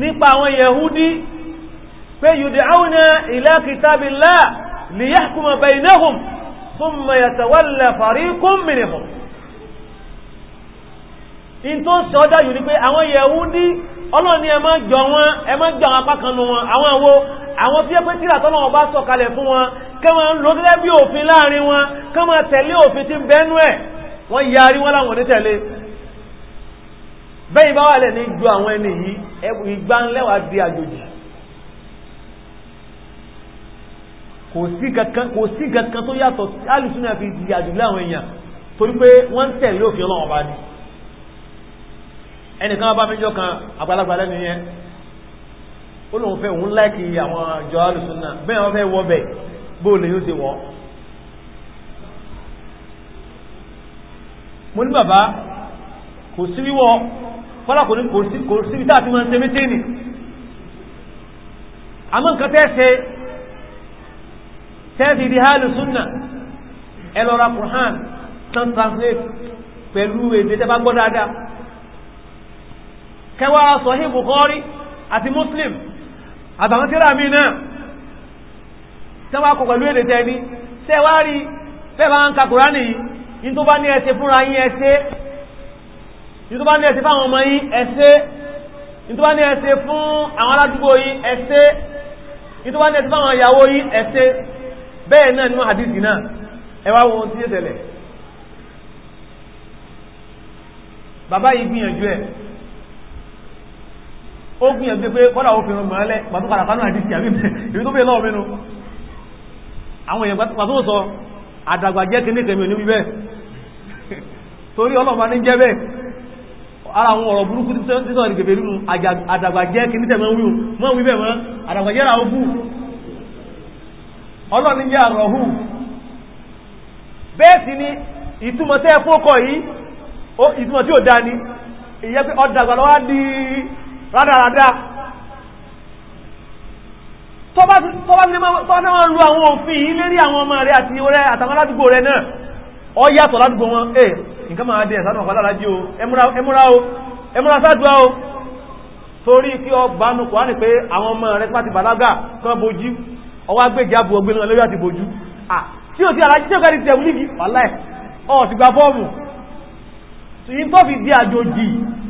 nípa àwọn yẹ̀húdí pé yud'awna ila kitabillah liyahkuma baynahum thumma yatawalla fariqun minhum in tó ń ṣe yìí ni pé àwọn Yẹhudi ọlọ́ni ẹ jọ wọn ẹ má jọ àwọn apákanu wọn àwọn àwo àwọn tí ó pé tíra tọ́lọ́wọ́ bá sọ̀kalẹ̀ fún wọn kẹ́ wọn ló gẹ́gẹ́ bí òfin láàrin wọn kẹ́ wọn tẹ̀lé òfin tí bẹ́nu ẹ̀ wọn láwọn tẹ̀lé bá wà lẹ̀ ní ju àwọn ẹni yìí ẹbù di àjòjì kò sí kankan tó yàtọ̀ alùsùn náà fi di àjòjì láwọn torí pé wọ́n tẹ̀lé òfin ọlọ́wọ́ bá ẹnìkan bá fíjọ kan àgbàlagbà lẹ́nu yẹn ó lóun fẹ́ òun láìkì àwọn ìjọ alùsùnà bẹ́ẹ̀ wọ́n fẹ́ wọ́ bẹ̀ bó lè yóò ṣe wọ́ mo ní bàbá kò sí wíwọ́ fọ́lá kò ní kò síbi tá a fi máa ń ṣe mítínì àmọ́ nǹkan tẹ́ ṣe tẹ́ẹ̀sì di hálù súnà ẹlọ́ra kùrán tán translate pẹ̀lú èdè tẹ́ bá gbọ́ dáadáa kẹwàá sọ̀hí Bukhari àti Muslim àtàwọn tíra mi náà tẹ́wàá kọ pẹ̀lú èdè tẹ́ni tẹ́wàá rí fẹ́bà ń ka Kùránì yìí yìí tó bá ní ẹsẹ fúnra yín ẹsẹ yìí tó bá ní ẹsẹ fáwọn ọmọ yín ẹsẹ yìí tó bá ní ẹsẹ fún àwọn aládùúgbò yín ẹsẹ yìí tó bá ní ẹsẹ fáwọn ìyàwó yín ẹsẹ bẹ́ẹ̀ náà nínú àdìsí náà ẹ wá wo ohun tí ó tẹ̀lẹ̀ bàbá yìí gbìyànjú ẹ̀ ó gbìyànjú pé kọ́dà ó fi ràn mọ́lẹ̀ pàtó padà kánú àti ìsìn àbíbẹ̀ èyí tó bèè lọ́wọ́ mẹ́nu àwọn èèyàn pàtó sọ àdàgbà jẹ́ kí nìkẹ̀mí òní wíbẹ̀ torí ọlọ́mà ní jẹ́ bẹ́ẹ̀ ara àwọn ọ̀rọ̀ burúkú tí sọ ìgbèbè nínú àdàgbà jẹ́ kí nìkẹ̀mí òní mọ́ wíbẹ̀ mọ́ àdàgbà jẹ́ ra ó kú ọlọ́ni jẹ́ àrọ̀hù bẹ́ẹ̀ sì ni ìtumọ̀ tẹ́ fókọ̀ yìí ìtumọ̀ tí ó dá ni ìyẹ́ pé ọdàgbà lọ́wọ́ di rádaràdá tọ́bá ti máa ń lo àwọn òfin yìí lérí àwọn ọmọ rẹ̀ àti orẹ́ àtàwọn aládùgbò rẹ̀ náà ọ yàtọ̀ ládùgbò wọn ẹ̀ nǹkan máa dẹ̀ sánà ọ̀pá lára jí o ẹmúra o ẹmúra sádùá o torí kí ọ gbanú kò á ní pé àwọn ọmọ rẹ̀ pàti bàlágà kan bojú ọwá gbèjì àbò ọgbẹ́ náà lórí àti bojú tí o ti alájí tí o kẹ́rin tẹ̀wù níbi wàláì ọ̀ ti gba fọ́ọ̀mù tí n tó fi di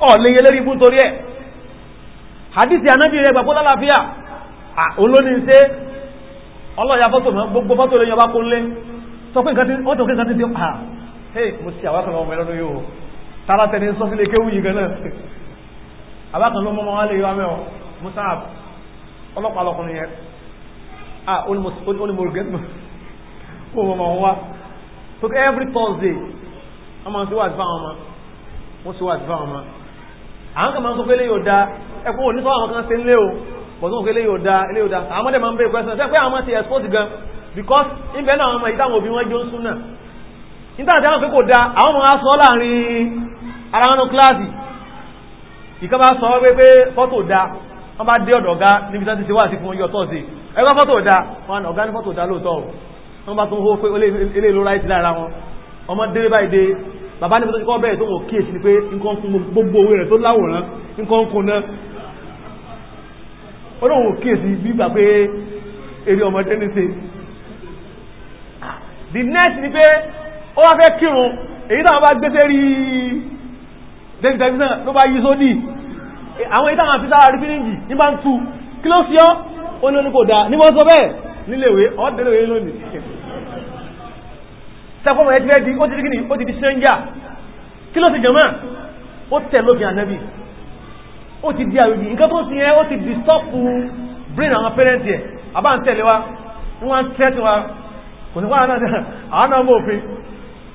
ọ̀lẹ́yẹ lérí fún torí ẹ̀ hadithi anábì rẹ̀ gbàgbọ́ lálàáfíà olóní ń ṣe ọlọ́ya fọ́tò mọ́ gbogbo fọ́tò lẹ́yìn ọba kúnlé sọ pé nǹkan tí ó pa hey mo ti àwọn akọ̀lọ́ ọmọ tara tẹni sọ sílé kéwù yìí gan náà abákan ló mọ́mọ́ wálé yọ amẹ́ ah olùmọ̀rùgẹ́sìmọ̀ kó mọ́mọ́ wá so every Thursday ọmọ sí wà sí àwọn kan máa ń sọ pé léyò da ẹkọ́ òní sọ́wọ́ àwọn kan ṣe ń lé o pọ̀ tó ń pé léyò da léyò da àwọn ọmọdé máa ń bẹ́ question ṣe pé àwọn ti expose gan because ibẹ̀ náà àwọn ọmọ ìtàwọn òbí wọn jó ń súnà nítorí àwọn pé kò da àwọn ọmọ aṣọ láàrin ara wọn kíláàsì ìkan bá sọ wípé pé fọ́tò da wọ́n bá dé ọ̀dọ̀ ọ̀gá níbi tán ti ṣe wà sí fún yọ tọ́sí ẹgbẹ́ fọ́tò da wọn ọ̀gá ní fọ́tò da lóòótọ́ wọ́n bá tún hó pé eléèlú ráìtì lára wọn ọmọ délé báyìí bàbá níbi tó ti kọ́ bẹ́ẹ̀ tó wọ́n kíyèsí ni pé nǹkan fún gbogbo owó rẹ̀ tó láwòrán nǹkan kún náà olóhùn kíyèsí gbígbà pé eré ọmọdé ní the next ni pé ó wá fẹ́ kírun èyí táwọn bá gbé sérí david tẹ̀sán ló bá yí sódì àwọn èyí táwọn àfi sára rí fílíǹgì ní bá ń tu kí ló fi sẹ́kọ́mọ̀ ẹ̀ ti di ó ti ó ti di sẹ́ńjà kí ló ti jẹ̀mọ́ ó tẹ̀ lófin ànẹ́bì ó ti di àròjì nǹkan tó ti yẹn ó ti di stọ́pù brain àwọn parents ẹ̀ àbá ń tẹ̀lé wa wọ́n ń tẹ́ tiwa kò sí wàhálà náà àwọn náà mọ̀ òfin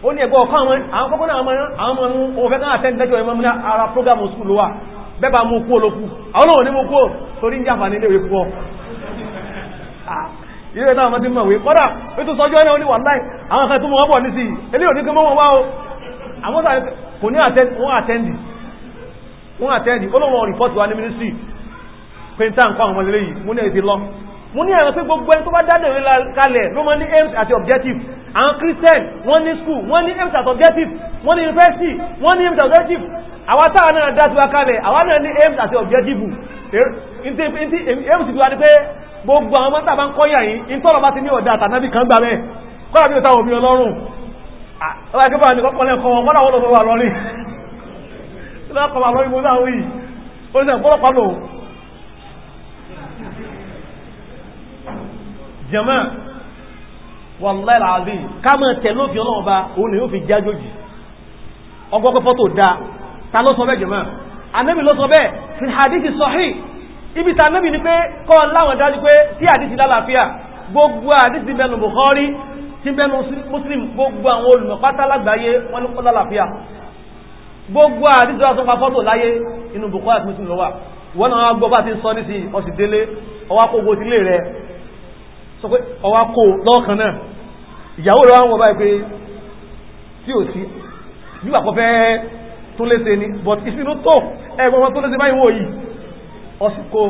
ó ní ẹ̀gbọ́ ọ̀kọ́ ara program school wa bẹ́ẹ̀ bá mú a ilé táwọn ọmọdé mọ̀wé kọ́dà ó tún sọjọ́ náà oníwà láì àwọn kan tó mọ̀ bọ̀ ní sí ilé òní kí mọ́ wá o àwọn sàrẹ́ kò ní àtẹ́ndì wọ́n àtẹ́ndì ó lọ́wọ́ rìpọ́tì wa ní mínísírì pẹ̀ntà nǹkan àwọn ọmọdé yìí mú ní èdè lọ mú ní ẹ̀rọ pé gbogbo ẹni tó bá dádẹ̀ orí kalẹ̀ ló mọ́ ní aims àti objective àwọn christian wọ́n ní school wọ́n ní aims at objective wọ́n ní university wọ́n ní aims at objective àwa táwa náà dá tiwa kalẹ̀ àwa náà ní aims àti objective aims ti wá ní pé gbogbo àwọn mọ́ta bá ń kọ́yà yìí ìtọ́rọ bá ti ní ọ̀dá àtànábì kan gbà mẹ́ kọ́lá bí òtàwò bí ọlọ́run ọlọ́gbẹ́bà ní kọ́pọ̀lẹ́ kọ́ wọn kọ́lá wọ́n lọ́wọ́ wà lọ́rí lọ́kọ̀ wà lọ́rí mo dáwọ́ yìí ó ní ọ̀pọ̀lọpọ̀ lò jàmá wallahi alazim ká mọ̀ tẹ̀lé òfin ọlọ́run ọba òun ni yóò fi jájòjì ọgbọ́gbọ́fọ́ tó dáa ta ló sọ bẹ́ẹ̀ jàmá anábì ló sọ bẹ́ẹ̀ fi hadithi sahih ibi ta níbi ni pé kọ́ láwọn dájú pé tí àdísì lálàáfíà gbogbo àdísì bẹnu Bukhari tí bẹnu Muslim gbogbo àwọn olùmọ̀pátá lágbàáyé wọ́n ní kọ́ lálàáfíà gbogbo àdísì wá tó pa fọ́tò láyé inú Bukhari àti Muslim lọ́wà wọ́n náà gbọ́ bá ti sọ ní sí ọsì délé ọwá kó gbogbo ìdílé rẹ̀ sọ pé ọwá kó lọ́ọ̀kan náà ìyàwó rẹ̀ wọ́n báyìí pé tí ò sí nígbà kọfẹ́ tó lése ni but ìsinú tó ẹgbọ́n tó lése báyìí wò ọsùkó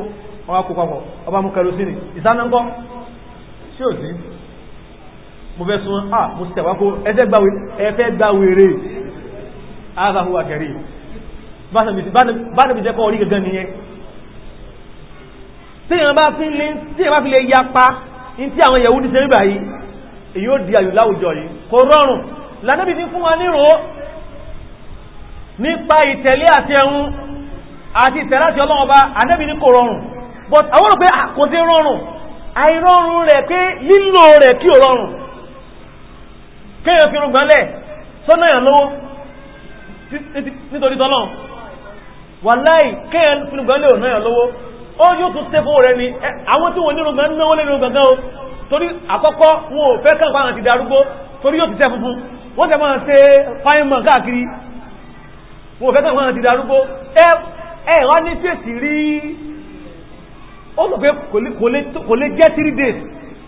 ọwá kó papọ̀ ọba mú ni ìsánáńkọ́ sí ò sí mo fẹ́ sún à ah, mo sì tẹ̀wá kó ẹfẹ́ gbá wèrè azáhùwà kẹrì bánàbí jẹ́kọ́ orí gẹ́gẹ́ nìyẹn tí èèyàn bá fi lè yapa ní tí àwọn yẹ̀wú ní sẹ́ríbà yìí èyí ó di àyù láwùjọ yìí kò rọrùn ìtẹ̀lé àti ẹ̀hún àti ìtẹ̀láti ọlọ́run ọba anẹ́bì ní kò rọrùn but àwọn òpé àkótí rọrùn àìrọrùn rẹ̀ pé lílò rẹ̀ kí ò rọrùn kéèyàn fi rúgbọ́n lẹ̀ sọ́nà èèyàn lówó nítorí tọ́lọ́n wàláì kéèyàn fi rúgbọ́n lẹ̀ ò náà lówó ó yóò tún tẹ́ fún rẹ̀ ni àwọn tí wọ́n ní rúgbọ́n náwó lẹ́nu gbọ̀ngàn o torí àkọ́kọ́ wọn ò fẹ́ kàn fáwọn ti darúgbó torí yóò ti tẹ́ funfun wọ́n tẹ́ máa ṣe fáìmọ̀ káàkiri wọn ò fẹ́ kàn fáwọn ti darúgbó ẹ wá ní fèsì rí ó mọ̀ pé kò lè jẹ́ three days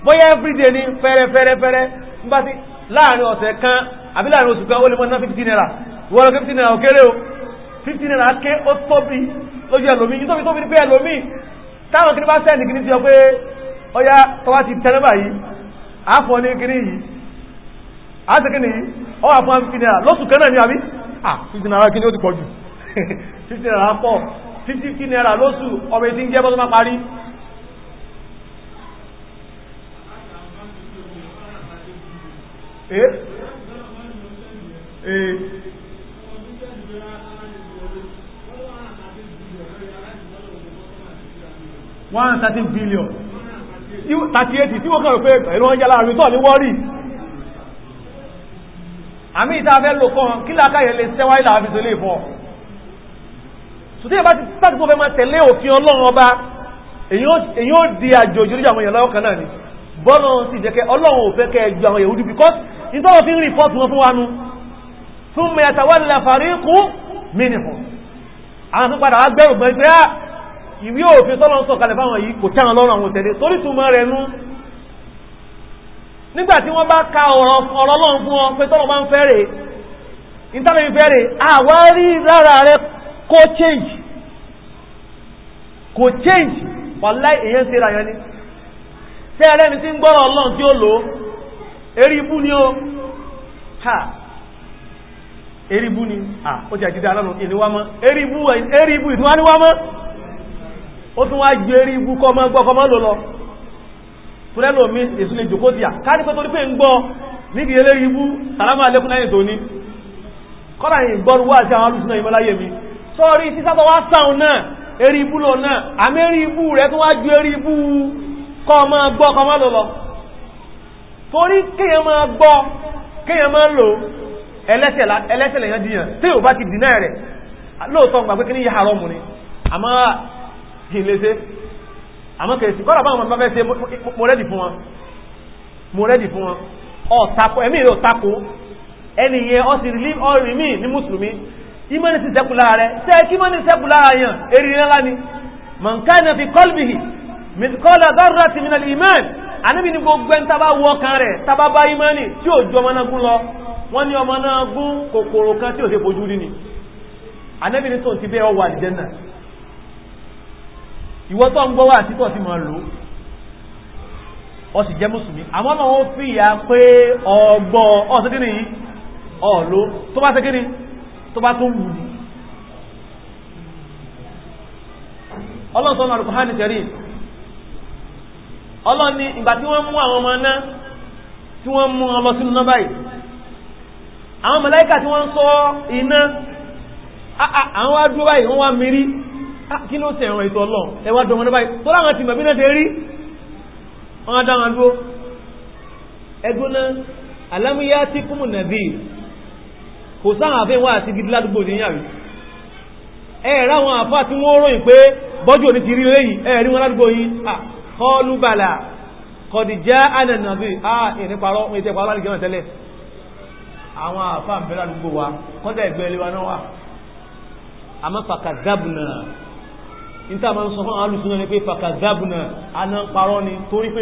bóyá everyday ni fẹ́rẹ́fẹ́rẹ́fẹ́rẹ́ ń bá sí láàrin ọ̀sẹ̀ kan àbí láàrin oṣù kan ó lè mọ́ ná fifty naira wọ́n lọ fifty naira òkèrè o fifty naira ké ó tóbi lójú ẹlòmí nítorí tó fi pé ẹlòmí táwọn kìnnìbá sẹ́ẹ̀nì kìnnì ti sọ pé ọya tọ́wá ti tẹ́ nọ́mbà yìí àfọ́ ní kìnnì yìí àti kìnnì yìí ọwà fún fifty naira lóṣù kan náà ni àbí ah fifty naira kìnnì ó ti pọ̀ jù fifty naira pọ̀ fifty naira lóṣù ọmọ ètí ń jẹ́ bọ́sọ́ máa parí eh, eh. one thirty billion thirty eight tí wọ́n kàn rò pé ìlú wọn jẹ́ láàrin tọ́ ní wọ́rì àmì ìta fẹ́ lò kàn kí lákàyẹ̀ lè tẹ́wàá ìlà àfisọ́lé ìfọ́ sùtẹ́ ìbá ti sáàtì kó fẹ́ máa tẹ̀lé òfin ọlọ́run ọba èyí ó di àjòjì orí àwọn èèyàn lọ́wọ́ kan náà ni bọ́ọ̀lù sì jẹ́ kẹ́ ọlọ́run ò fẹ́ kẹ́ ju àwọn èèyàn because nítorí fi ń rìpọ́ọ̀tù wọn fún wa nu fún mi àtàwálà fàríkù mínìfọ̀ àwọn tó padà wá gbẹ́rù gbọ́n pé ah, ìwé òfin tọ́lọ́ ń sọ̀kalẹ̀ fáwọn yìí kò tẹ́ àwọn lọ́rùn àwọn òtẹ̀lé torí túmọ̀ rẹ̀ nu nígbà tí wọ́n bá ka ọ̀rọ̀ ọlọ́run fún ọ pé tọ́lọ́ bá ń fẹ́ rè ìtàlẹ́ ìfẹ́ rè àwárí lára rẹ̀ ko change kò change wàláì èyàn ṣe ràyàn ni ṣe ẹ̀rẹ́ tí ń gbọ́rọ̀ ọlọ́run tí ó lò ni ó ha eribu ni ha ó ti àjídá aláàrùn ìníwá mọ́ erí ó tún wá ju erí ibú kọ́ lò lọ fúrẹ́lò mi èsù pé ń gbọ́ sàlámà tó ní kọ́nà ìgbọ́rúwà àwọn alùsùn náà sọ́rí sísátọ̀ wá sáun náà eré ibú lò náà àmì eré ibú rẹ̀ tó wá ju eré ibú kọ́ ọmọ gbọ́ kọ́ ọmọ lò lọ torí kéèyàn máa gbọ́ kéèyàn máa lò ẹlẹ́sẹ̀ lèyàn dìyàn tí ò bá ti dìnà rẹ̀ lóòótọ́ gbà pé kí ní yà àrọ́ mu ni àmọ́ ìlẹ́sẹ̀ àmọ́ kèsì kọ́lá báwọn bá fẹ́ ṣe mo rẹ́dì fún ẹni yẹn ó sì rí mi ní mùsùlùmí ìmọ̀ni ti sẹ́kù lára rẹ̀ tẹ́ kí mọ́ni sẹ́kù lára yàn eré ńlá ni mọ̀nkánà fi kọ́lbìhì mìtíkọ́lá zárúrà ti mìnà ìmọ̀n àníbi ní gbogbo ẹni tábà wọ ọkàn rẹ̀ tábà bá ìmọ̀ni tí ò ju ọmọ náà gún lọ wọ́n ní ọmọ náà gún kòkòrò kan tí ò ṣe fojú rí ni àníbi ní tòun ti bẹ́ẹ̀ ọwọ́ àdìjẹ́nà ìwọ tó ń gbọ́ wà títọ̀ sí máa lò ó sì jẹ́ mùsùlùmí àmọ́ náà ó fìyà pé ọgbọ́n ọ̀sẹ̀ kí tó bá tó wù ní. ọlọ́run ha n'i ìgbà tí wọ́n mú àwọn ọmọ náà tí wọ́n mú wọn sínú náà báyìí àwọn màláíkà tí wọ́n sọ iná àwọn wá dúró báyìí wọ́n wá mìírí kí ló tẹ̀ ẹ̀wọ̀n ètò ọlọ́run ẹwà ti kò sáwọn àfẹ́ wà sí gidi ládùúgbò ní yàrí ẹ̀ẹ̀rá àwọn àfá tí wọ́n ròyìn pé bọ́jú òní ti rí léyìn ẹ̀ẹ̀rí wọn ládùúgbò yìí àkọlùbàlà kọdìjá ànànàbí àìníparọ́ ohun ìtẹ́parọ́ láti gẹ́rùn tẹ́lẹ̀ wa kọ́dà ẹgbẹ́ ilé wa náà wà àmọ́ fàkàdábùnà níta máa ń sọ fún àwọn alùsùn ní pé fàkàdábùnà àná parọ́ ni torí pé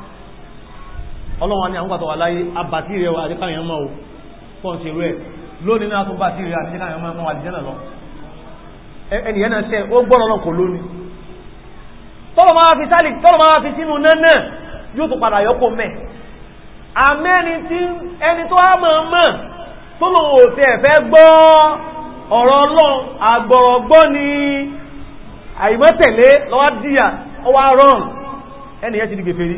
ọlọ́wọ́n ní àwọn pàtàkì wà láyé abàtí rẹ̀ wà àdíkà yẹn mọ́ o pọ́n ti rẹ̀ lónìí náà tó bàtí rẹ̀ àdíkà yẹn mọ́ wà àdíjẹ́ náà lọ ẹnìyẹn náà sẹ́ ó gbọ́rọ̀ náà kò lónìí tọ́rọ máa fi sálì tọ́rọ máa fi sínú náà yóò tó padà yọ́pọ̀ mẹ́ àmẹ́ni tí ẹni tó á mọ̀ mọ̀ tó lò ó ti ẹ̀fẹ́ gbọ́ ọ̀rọ̀ ọlọ́run àgbọ̀rọ̀gbọ́ ni àìmọ́tẹ̀lé lọ́wọ́ díyà ọwọ́ rọrùn ẹnìyẹn ti di gbèfèrí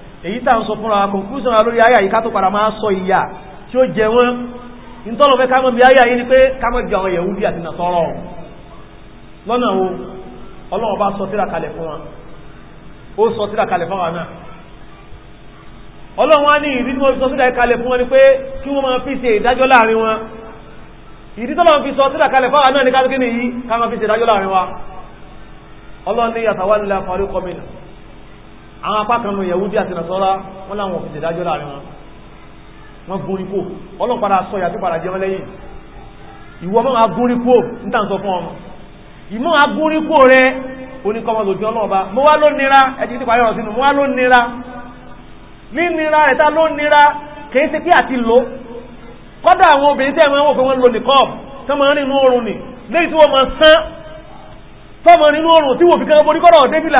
èyí tà ń sọ fúnra conclusion lórí ayà yìí ká tó padà máa sọ ìyà tí ó jẹ wọ́n ìtọ́lọ̀fẹ́ ká mọ́ bí ayà yìí ni pé ká mọ́ jẹ àwọn Yẹ̀húdí àti nàtọ́rọ̀ lọ́nà wo Ọlọ́run bá sọ tírà fún wa ó sọ tírà fún wa náà ní ìdí tí wọ́n fi sọ fún wọn ni pé kí wọ́n máa fi ṣe ìdájọ́ láàrin wọn ni ká tó kí ni yìí ká máa àwọn apá kan nù Yahudi àti Nasara wọ́n láwọn òfin ìdájọ́ láàrin wọn wọ́n gúnrí kò ọlọ́pàá sọ yàtí padà jẹ́ wọ́n lẹ́yìn ìwọ mọ́ agúnrí kò ń tàn sọ fún ọmọ ìmọ̀ agúnrí kò rẹ oníkọmọ lòdì ọlọ́ọ̀bá mo wá ló nira ẹjì tí parí ọ̀rọ̀ sínú mo wá ló nira ní nira rẹ̀ tá ló nira kìí ṣe kí àti lò kọ́dà àwọn obìnrin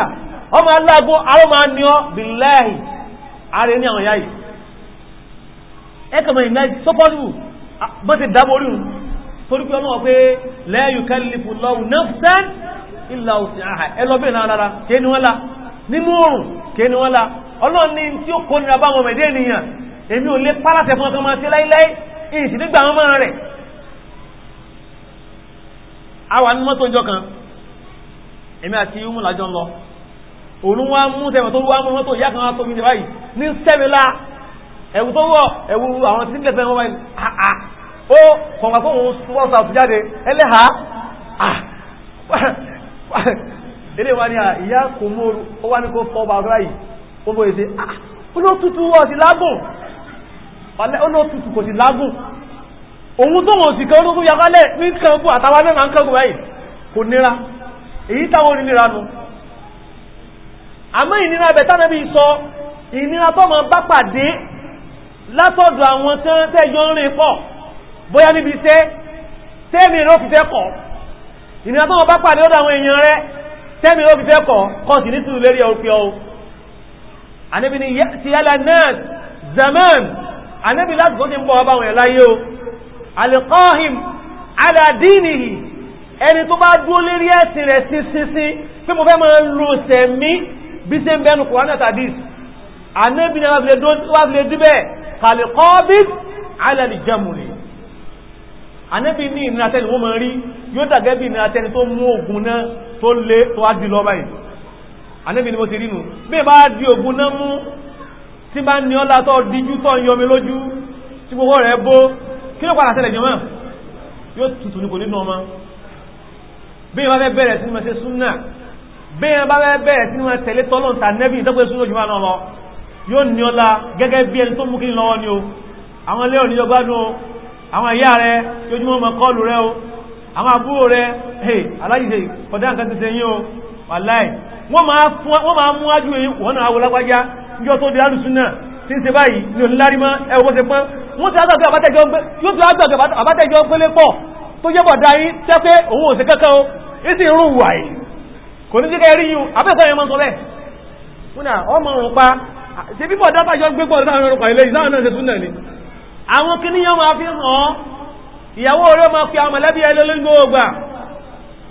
tẹ́ ọmọ aláàgbó àwọn máa ní ọ bìláì ààrẹ ní àwọn yáyì ẹkẹ̀mọ̀ ìnáì sọ́pọ́lù bọ́n ti dábò orí un torí pé ọlọ́wọ́ pé la yukallifu Allahu nafsan illa wus'aha ẹlọ́bẹ̀ náà rárá kéé ni wọ́n la nínú oòrùn kéé ni wọ́n la ọlọ́run ní tí ó kó àti umu ń lọ òun wá mú sẹ́mọ̀ tó wá mú mọ́tò ìyá kan wá tóbi ní báyìí ní sẹ́mìlá ẹ̀wù tó wọ̀ ẹ̀wù àwọn tí nílẹ̀ sẹ́mọ̀ báyìí àà ó kọ̀ǹgbà kó òun wọ́n sàtú jáde ẹlẹ́ha ilé wa ni à ìyá kò mú ó wá ní kó fọ́ bá ọ̀rá yìí ó bó ṣe olótútù wọ̀ sí lágùn olótútù kò sí lágùn òun tó wọ̀ sí kan ológun yakalẹ̀ ní kankú àtàwọn mẹ́ta ń kankú báyìí kò nira èyí táwọn onínira nu àmọ́ ìnira bẹ̀ tánàbí sọ ìnira tó ma bá pàdé látọ̀dọ̀ àwọn tán tẹ́jọ ń rìn pọ̀ bóyá níbi iṣẹ́ tẹ́mì ló fi fẹ́ kọ̀ ìnira tó ma bá pàdé lọ́dọ̀ àwọn èèyàn rẹ tẹ́mì ló fi fẹ́ kọ̀ kọ́ sí nítorí lérí ọ̀pẹ́ o ànábi ni ti yálà náà zaman ànábi láti tó ti ń bọ̀ ọba àwọn ẹ̀láyé o alìkọ́hìm aládìnìhì ẹni tó bá dúó lérí ẹ̀sìn rẹ̀ sísinsin pé mo fẹ́ máa lo sẹ̀mí bí ṣe ń bẹnu kùránì àtàdís ànábì ni wá fi lè díbẹ̀ kàlẹ́kọ́bìs alẹ́lì jẹ́mùrì ànábì ní ìnira tẹ́ni wọ́n mọ̀ rí yóò dàgẹ́ bí ìnira tẹ́ni tó mú ogun náà tó lé tó wá di lọ báyìí ànábì ni mo ti rí nù bí ẹ bá di ogun náà mú tí bá ní ọ́lá tó díjú tó ń yọmi lójú tí gbogbo rẹ̀ bó kí ló padà ṣẹlẹ̀ jọmọ́ yóò tutù ní kò nínú ọmọ bí ẹ bá fẹ́ bẹ̀rẹ̀ sí mẹ́sẹ̀ bẹ́ẹ̀ bá bẹ́ẹ̀ bẹ́ẹ̀ sí wọn tẹ̀lé tọ́lọ́n ta nẹ́bí ìtọ́pẹ́ súnú òjò náà lọ yóò ní ọlá gẹ́gẹ́ bí ẹni tó ni o àwọn ilé òní ọgbádùn o àwọn ìyá rẹ lójúmọ́ ọmọ o àwọn àbúrò rẹ hey alájìṣe kọjá nǹkan ti o wàláì wọ́n máa mú ájú yìí wọ́n náà níjọ́ tó di tí ń báyìí ní kò ní síkẹ́ rí yíò abẹ́sọ̀ yẹn mọ́ sọ bẹ́ẹ̀ múnà ọmọ òun pa ṣe bíbọ̀ dápà jọ gbé pọ̀lú táwọn ọ̀rọ̀pàá ilé ìsáwọn náà ṣe súnà ni àwọn kí níyàn máa fi hàn ìyàwó rẹ̀ máa fi àwọn mọ̀lẹ́bí ẹlẹ́ lóngbògbà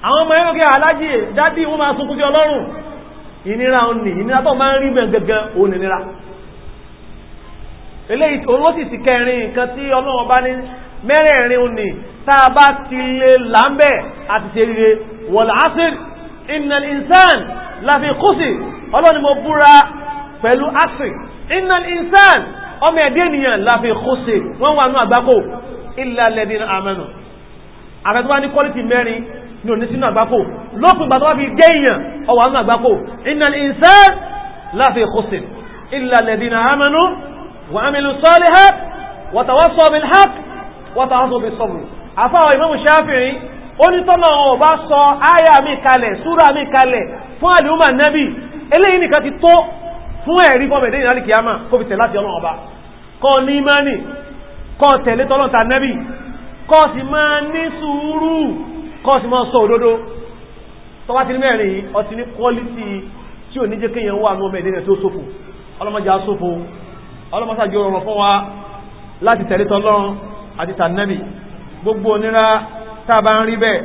àwọn ọmọ ẹ̀rọ kí alájì dádì wọn máa sunkún sí ọlọ́run ìnira òun ni ìnira tó máa ń rí bẹ̀ gẹ́gẹ́ òun nira eléyìí olóṣì ti kẹrin nǹkan tí ọlọ́run bá ní mẹ́rẹ̀ẹ̀rin òun ni tá a bá ti lè láńbẹ̀ àti ṣe rire wọ̀lá ásìrì innal insan láfi kúsì ọlọ́ni mo búra pẹ̀lú asì innal insan ọmọ ẹ̀dẹ́ ènìyàn láfi kúsì wọ́n wà ní àgbákò illa alladhina amanu àfẹ́tọ́wá ní kọ́lítì mẹ́rin ní òní sínú àgbákò lópin ìgbà tó wá fi dé èèyàn ọwà ní àgbákò innal insan láfi kúsì illa alladhina amanu onítọ́nà wọn bá sọ áyà mi kalẹ̀ súra mi kalẹ̀ fún àlùmà nẹ́bì eléyìí nìkan ti tó fún ẹ̀rí fọ́mẹ̀dé ìrìnàlì kìyàmà kó fi tẹ̀láti ọlọ́run ọba kọ́ ní mánì kọ́ tẹ̀lé tọ́lọ́ta nẹ́bì kọ́ sì máa ní sùúrù kọ́ sì máa sọ òdodo tọ́wá quality tí ò ní jẹ́ kéèyàn wà ní ọmọdé rẹ̀ tó sófò ọlọ́mọdé asófò ọlọ́mọsájú ọrọ̀ fún wa láti tẹ̀lé tọ́lọ́run àti tànẹ́bì gbogbo onírà tá a bá ń rí bẹ́ẹ̀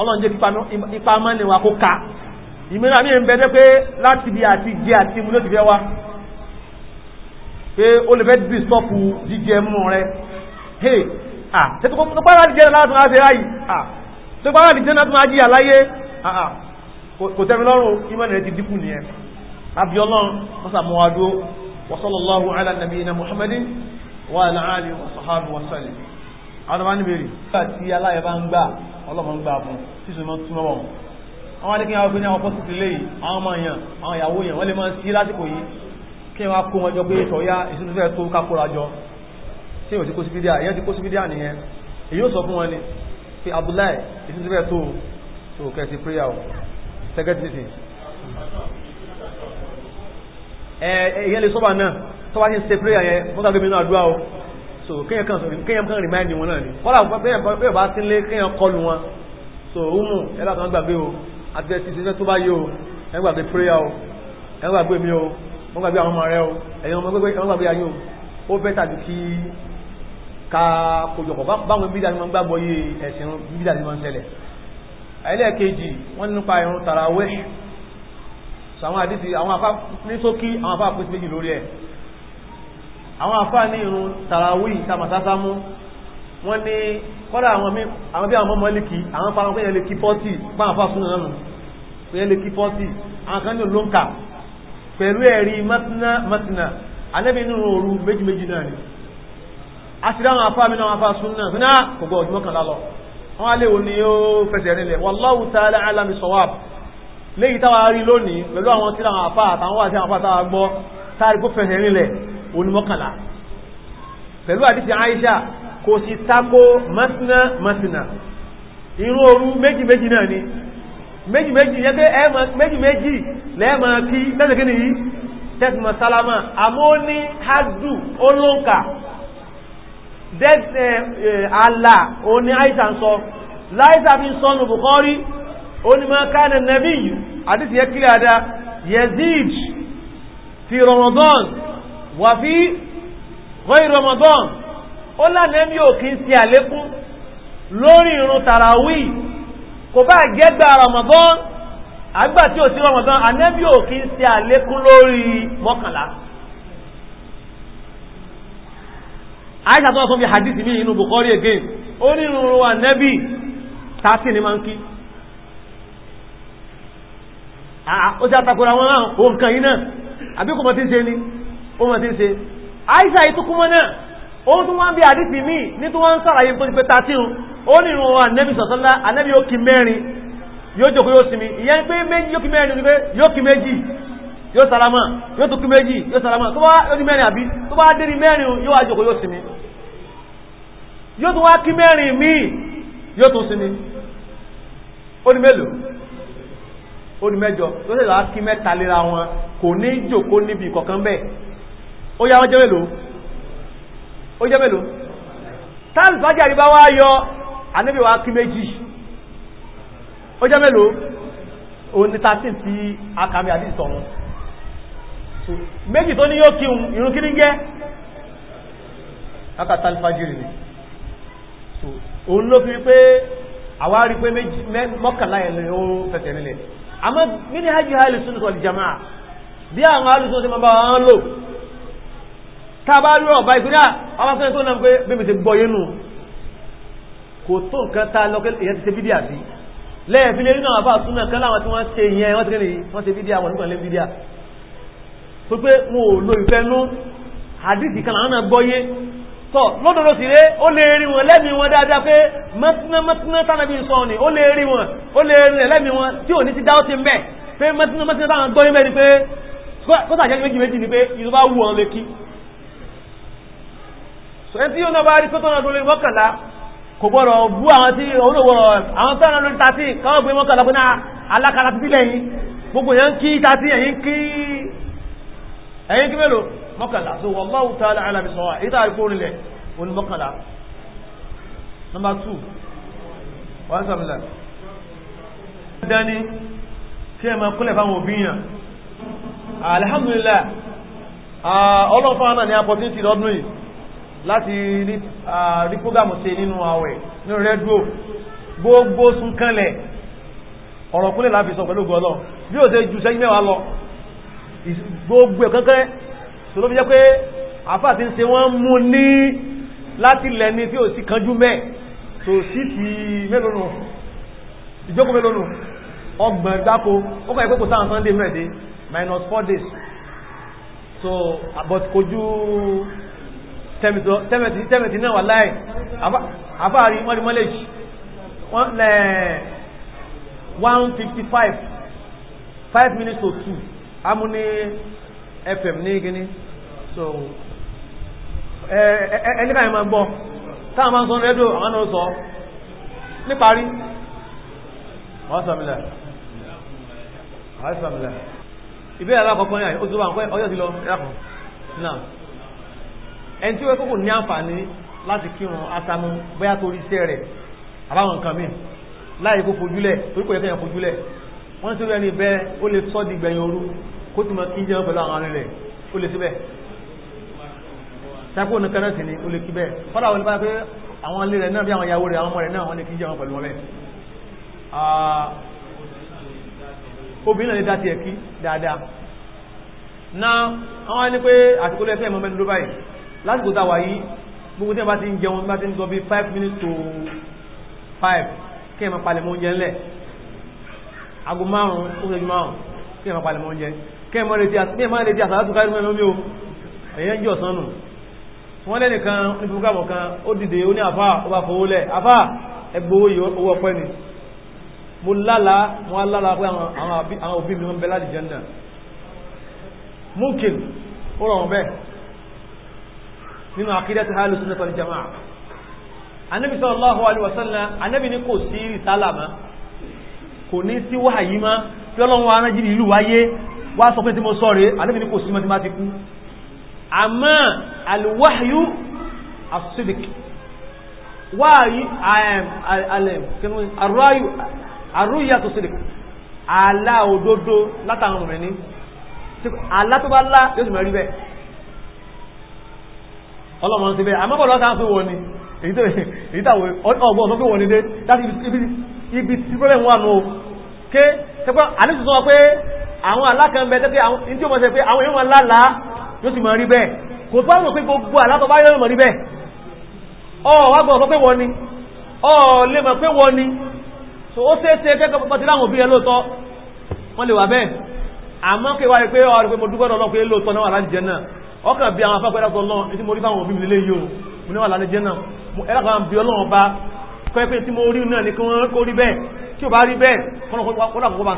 ọlọ́run jẹ́ ipa máa ń lè wa kó ka ìmíràn mi ń bẹ́ẹ́ pé láti bí àti jẹ àti mu ló ti fẹ́ wá pé ó lè fẹ́ dì sọ́ọ̀pù jíjẹ mú rẹ hey ah tètè kó tó pàrọ̀ àdìjẹ́ náà tún á ṣe ráyì ah tó pàrọ̀ àdìjẹ́ náà tún á jìyà láyé ah ah kò tẹ́mi lọ́rùn ìmọ̀nà rẹ ti dínkù nìyẹn àbí ọlọ́run wọ́n sàmúwádó wa sallallahu ala nabiyina muhammadin wa ala alihi wa sahabihi wa sallam àwọn ọmọ níbèrè nígbà tí aláyẹ bá ń gbà ọlọ́mọ ń gbà fún sísun mọ́ túnmọ́ wọn wọ́n ní kí wọ́n gbé ní àwọn pọ́sìtì lè àwọn ọmọ èèyàn àwọn ìyàwó èèyàn wọ́n lè máa sí lásìkò yìí kí wọ́n kó wọn jọ pé ìtọ̀yá ìsinúfẹ́ tó kápóra jọ tí ò sí kó sí fídíà ìyẹn ti kó sí fídíà nìyẹn èyí ò sọ fún wọn ni pé Abdullahi ìsinúfẹ́ tó tó kẹsì prayer o second meeting ìyẹn lè sọ́bà náà tọ́wá sí ṣe prayer yẹn fún tàbí mínú o so kéèyàn kan kéèyàn kan rìmáìdì wọn náà ni kọ́lá bẹ́ẹ̀ bá sí lé kéèyàn kọlu wọn so umu ẹlá kan gbàgbé o àti ẹtì ṣiṣẹ́ tó bá yé o ẹ gbàgbé prayer o ẹ gbàgbé mi o wọ́n gbàgbé àwọn ọmọ rẹ o ẹ̀yin ọmọ gbàgbé wọ́n gbàgbé ayé o ó fẹ́ tàbí kí ká kojọpọ̀ báwọn bídà ni wọ́n gbàgbọ́ yé ẹ̀sìn bídà ni wọ́n ṣẹlẹ̀ ẹlẹ́ẹ̀kejì wọ́n nípa ìrun tarawih so àwọn àdìsí àwọn afá ní sókí àwọn afá pèsè méjì lórí ẹ̀ àwọn àfáà ní irun tàràwí ìtàmàtàtà mú wọ́n ní kọ́lá àwọn bí àwọn mọ́lìkì àwọn fara pé yẹn lè kí 40 pàà fà fún ìrànlù pé yẹn lè kí 40 àwọn kan ní olóǹkà pẹ̀lú ẹ̀rí mọ́tínà mọ́tínà alẹ́bí nínú òru méjì méjì náà ni a sì dáhùn ta'ala alami sawab léyìí táwa rí lónìí pẹ̀lú àwọn tí àwọn àfáà àtàwọn àti àwọn àfáà táwa onímọ́kànlá pẹ̀lú àdísì Aisha kò sí tako masina masina irun òru méjì méjì náà ni méjì méjì yẹ́ pé méjì méjì lẹ́ẹ̀mà kí tẹ́sẹ̀kí ni yìí tẹ́sìmọ̀ sálámà àmọ́ ní hajjú olóǹkà dẹ́sẹ̀ àlà òní Aisha ń sọ láìsà fi sọ́nù Bukhari onímọ̀kánà nàbí àdísì yẹ́ wà fi wọ́n Ramadan ó lànàbí ò kí ń ṣe àlékún lórí irun tàràwí kò bá jẹ́gbà Ramadan àgbà tí ò sí Ramadan ànàbí ò kí ń ṣe àlékún lórí mọ́kànlá àìsà tó wọ́n fún bí hadithi mi inú Bukhari again ó ní irun wa nẹ́bí tààtì ní máa ń kí ó sì àtakùrà wọn náà ó yìí náà àbíkùnmọ́ ti ń ṣe ni ó mọ̀ sí ṣe àìsà yìí tó kúmọ́ náà ó tún wá ń bí àdìsí míì ní tó wọ́n ń sàlàyé tó ti pé tatíhun ó ní ìrun wa ànẹ́bí sọ̀tọ́lá ànẹ́bí yóò kí mẹ́rin yóò jókòó yóò sinmi ìyẹn pé yóò kí mẹ́rin ni pé yóò kí méjì yóò sàlámà yóò tó kí méjì yóò sàlámà tó bá yóò ní mẹ́rin àbí tó bá dé ní mẹ́rin yóò wá jókòó yóò sinmi yóò tún wá kí mẹ́rin míì yóò tún sinmi ó ní mélòó ó ní mẹ́jọ tó sì lọ́wọ́ kí ó yá ó jẹ́ mélòó ó jẹ́ mélòó táàlù fàájàrí bá wá yọ ànábì wa kí méjì ó jẹ́ mélòó o ní tàtín tí akàmì àti ìtọ̀run méjì tó ní yóò kí irun kí ní jẹ́ káka táàlù fàájàrí ni òun àwárí pé mọ́kànlá ẹ̀lẹ́ ó fẹ̀tẹ̀ bí àwọn alùsùn ti bá wọn lò tábà rí ọ̀bá ìpínlẹ̀ ọba sọ́yẹ́ tó náà pé bíbi gbọ́ yẹnu kò tó nǹkan tá lọ́kẹ́ ìyẹn ti ṣe bídíà sí lẹ́ẹ̀fí lè rí náà bá kan láwọn tí wọ́n ṣe ìyẹn wọ́n ti rí wọ́n ṣe bídíà wọ́n nígbàlẹ́ bídíà tó pé mo ò lo ìfẹ́ nú àdìsí kan láwọn náà gbọ́yé tọ́ lọ́dọ̀dọ̀ sí ré ó lè rí wọn lẹ́mí wọn dáadáa pé mẹ́tíná mẹ́tíná tánàbí sọ ni ó lè rí wọn ó lè rí lẹ́mí wọn tí ò ní ti dáwọ́ ti ń bẹ̀ pé mẹ́tíná mẹ́tíná táwọn gbọ́yé mẹ́rin pé kọ́sà jẹ́ méjì méjì ni pé ìlú bá wù wọn lè kí ẹni tí yóò náà bá rí kótó náà lórí mọ́kànlá kò gbọ́dọ̀ bú àwọn tí olówó àwọn tó náà lórí tàtí káwọn gbé mọ́kànlá bó náà alákàlà títí lẹ́yìn gbogbo yẹn ń kí tàtí ẹ̀yìn kí ẹ̀yìn kí mélòó mọ́kànlá so wallahu ta'ala a'lam bis-sawab èyí tàà kó nílẹ̀ òní mọ́kànlá number two one seven dání kí ẹ máa kúnlẹ̀ fáwọn òbí yàn láti rí prógámù ṣe nínú àwẹ̀ ní rẹ́dúò gbogbo sún kanlẹ̀ ọ̀rọ̀ kúnlẹ̀ láti sọ pẹ̀lú gọ́ọ̀lọ́ bí ó ṣe jù sẹ́yìn mẹ́wàá lọ gbogbo ẹ̀kankan tó ló fi jẹ́ pé àfáà ti ń ṣe wọ́n mú ní láti lẹ́ni tí ó sì kanjú mẹ́ tó sí ti mélòó ìjókòó mélòó ọgbọ̀n gbáko ó kọ́ ìpépò sáà sunday mẹ́rẹ̀dẹ́ minus four days so but kojú tẹ́mẹ̀tì náà wà láì àfáàrí mọ́rí mọ́lẹ̀jì 155 Five minutes or two. 2 amú ní fm ní gini so ẹnìkan ìmọ̀ gbọ́ táwọn máa ń sọ rẹ́dò àwọn náà sọ níparí wọ́n sàmìlẹ̀ wọ́n sàmìlẹ̀ ìbéèrè alákọ̀ọ́kọ́ ní àyíkó tó wà ń pẹ́ ọjọ́ ti lọ ẹ̀kọ́ náà ẹni tí ó kókò ní àǹfààní láti kírun asámú bóyá torí iṣẹ́ rẹ̀ àbáwọn nǹkan míì láì kó fojúlẹ̀ torí kò yẹ kẹ́yàn fojúlẹ̀ wọ́n ti rẹni bẹ́ẹ̀ ó lè sọ́ di gbẹ̀yìn òru kó ti mọ kí jẹun pẹ̀lú àwọn arìnrìn rẹ̀ ó lè síbẹ̀ sápò ní kẹ́rẹ́sì ni ó lè kí bẹ́ẹ̀ kọ́lá wọn bá pé àwọn ilé rẹ̀ náà bí àwọn ìyàwó rẹ̀ àwọn ọmọ rẹ̀ náà wọ́n lè kí báyìí lásìkò tá a wà yìí gbogbo tí a bá ti ń jẹun bá ti ń sọ bí five minutes to five kí ẹ máa palẹ̀ mọ́ oúnjẹ ńlẹ̀ aago márùn-ún ó ṣẹ́jú márùn-ún kí ẹ máa palẹ̀ mọ́ oúnjẹ kí ẹ máa retí àsàlátù kárí mẹ́rin omi o ẹ̀yẹ́ ń jẹ́ ọ̀sán nù wọ́n lẹ́nìkan ní fúkàmọ̀ kan ó dìde ó ní àfá ó bá fowó lẹ̀ àfá ẹgbẹ́ owó ọpẹ́ ni mo lálàá mo lálàá pé àwọn òbí mi wọ́n bẹ láti jẹ́ náà múkìn ó rọrùn bẹ́ẹ̀ nínú àkídàtí hálù sínú pẹ̀lú jama'a anábi sallallahu alaihi wasallam anábi ní kò sí rìsálà ma kò ní sí wáyí ma tí ọlọ́run wa anájí ìlú wáyé wá sọ pé tí mo sọ́rẹ̀ anábi ní kò sí mọ́tí má ti kú àmọ́ alwahyu asidik wáyí àrúyà tó ọlọ́mọ ti bẹ́ àmọ́bọ̀ lọ́ta fún wọn ni èyí tàwé ọgbọ́n tó fún wọn ni dé láti ibi tí problem wà nù ké tẹ́pọ́ àníṣù sọ pé àwọn alákan bẹ tẹ́pẹ́ àwọn tí ó mọ̀ sẹ pé àwọn èèyàn lálá yóò sì mọ̀ rí bẹ́ẹ̀ kò tó rò pé gbogbo àlátọ́ bá yóò mọ̀ rí bẹ́ẹ̀ ọ wá gbọ́n sọ pé wọ́n ni ọ lè mọ̀ pé so ó ṣeé ṣe kẹ́kọ̀ọ́ pọ̀ ti láwọn òbí yẹn lóòótọ́ wọ́n lè wà bẹ́ẹ̀ àmọ́ kí wáyé pé ọ rí pé mo dúpẹ́ lọ́lọ́ pé ọkàn bí àwọn afẹ́fẹ́ ẹ̀dàkọ̀ lọ́n tí mo rí fáwọn òbí mi lélẹ́ yóò mo níwà lálẹ́ jẹ́ náà ẹ̀dàkọ̀ àwọn bí ọlọ́run bá kọ́ pé tí mo rí náà ní kí wọ́n kó rí bẹ́ẹ̀ tí ò bá rí bẹ́ẹ̀ kọ́nàkọ́ bá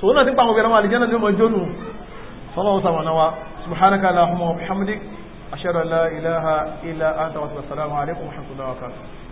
so náà ti pa àwọn obìnrin àlìjẹ́ náà ní ọmọ jónù subhanaka allahumma wa bihamdik la ilaha illa anta wa assalamu alaikum wa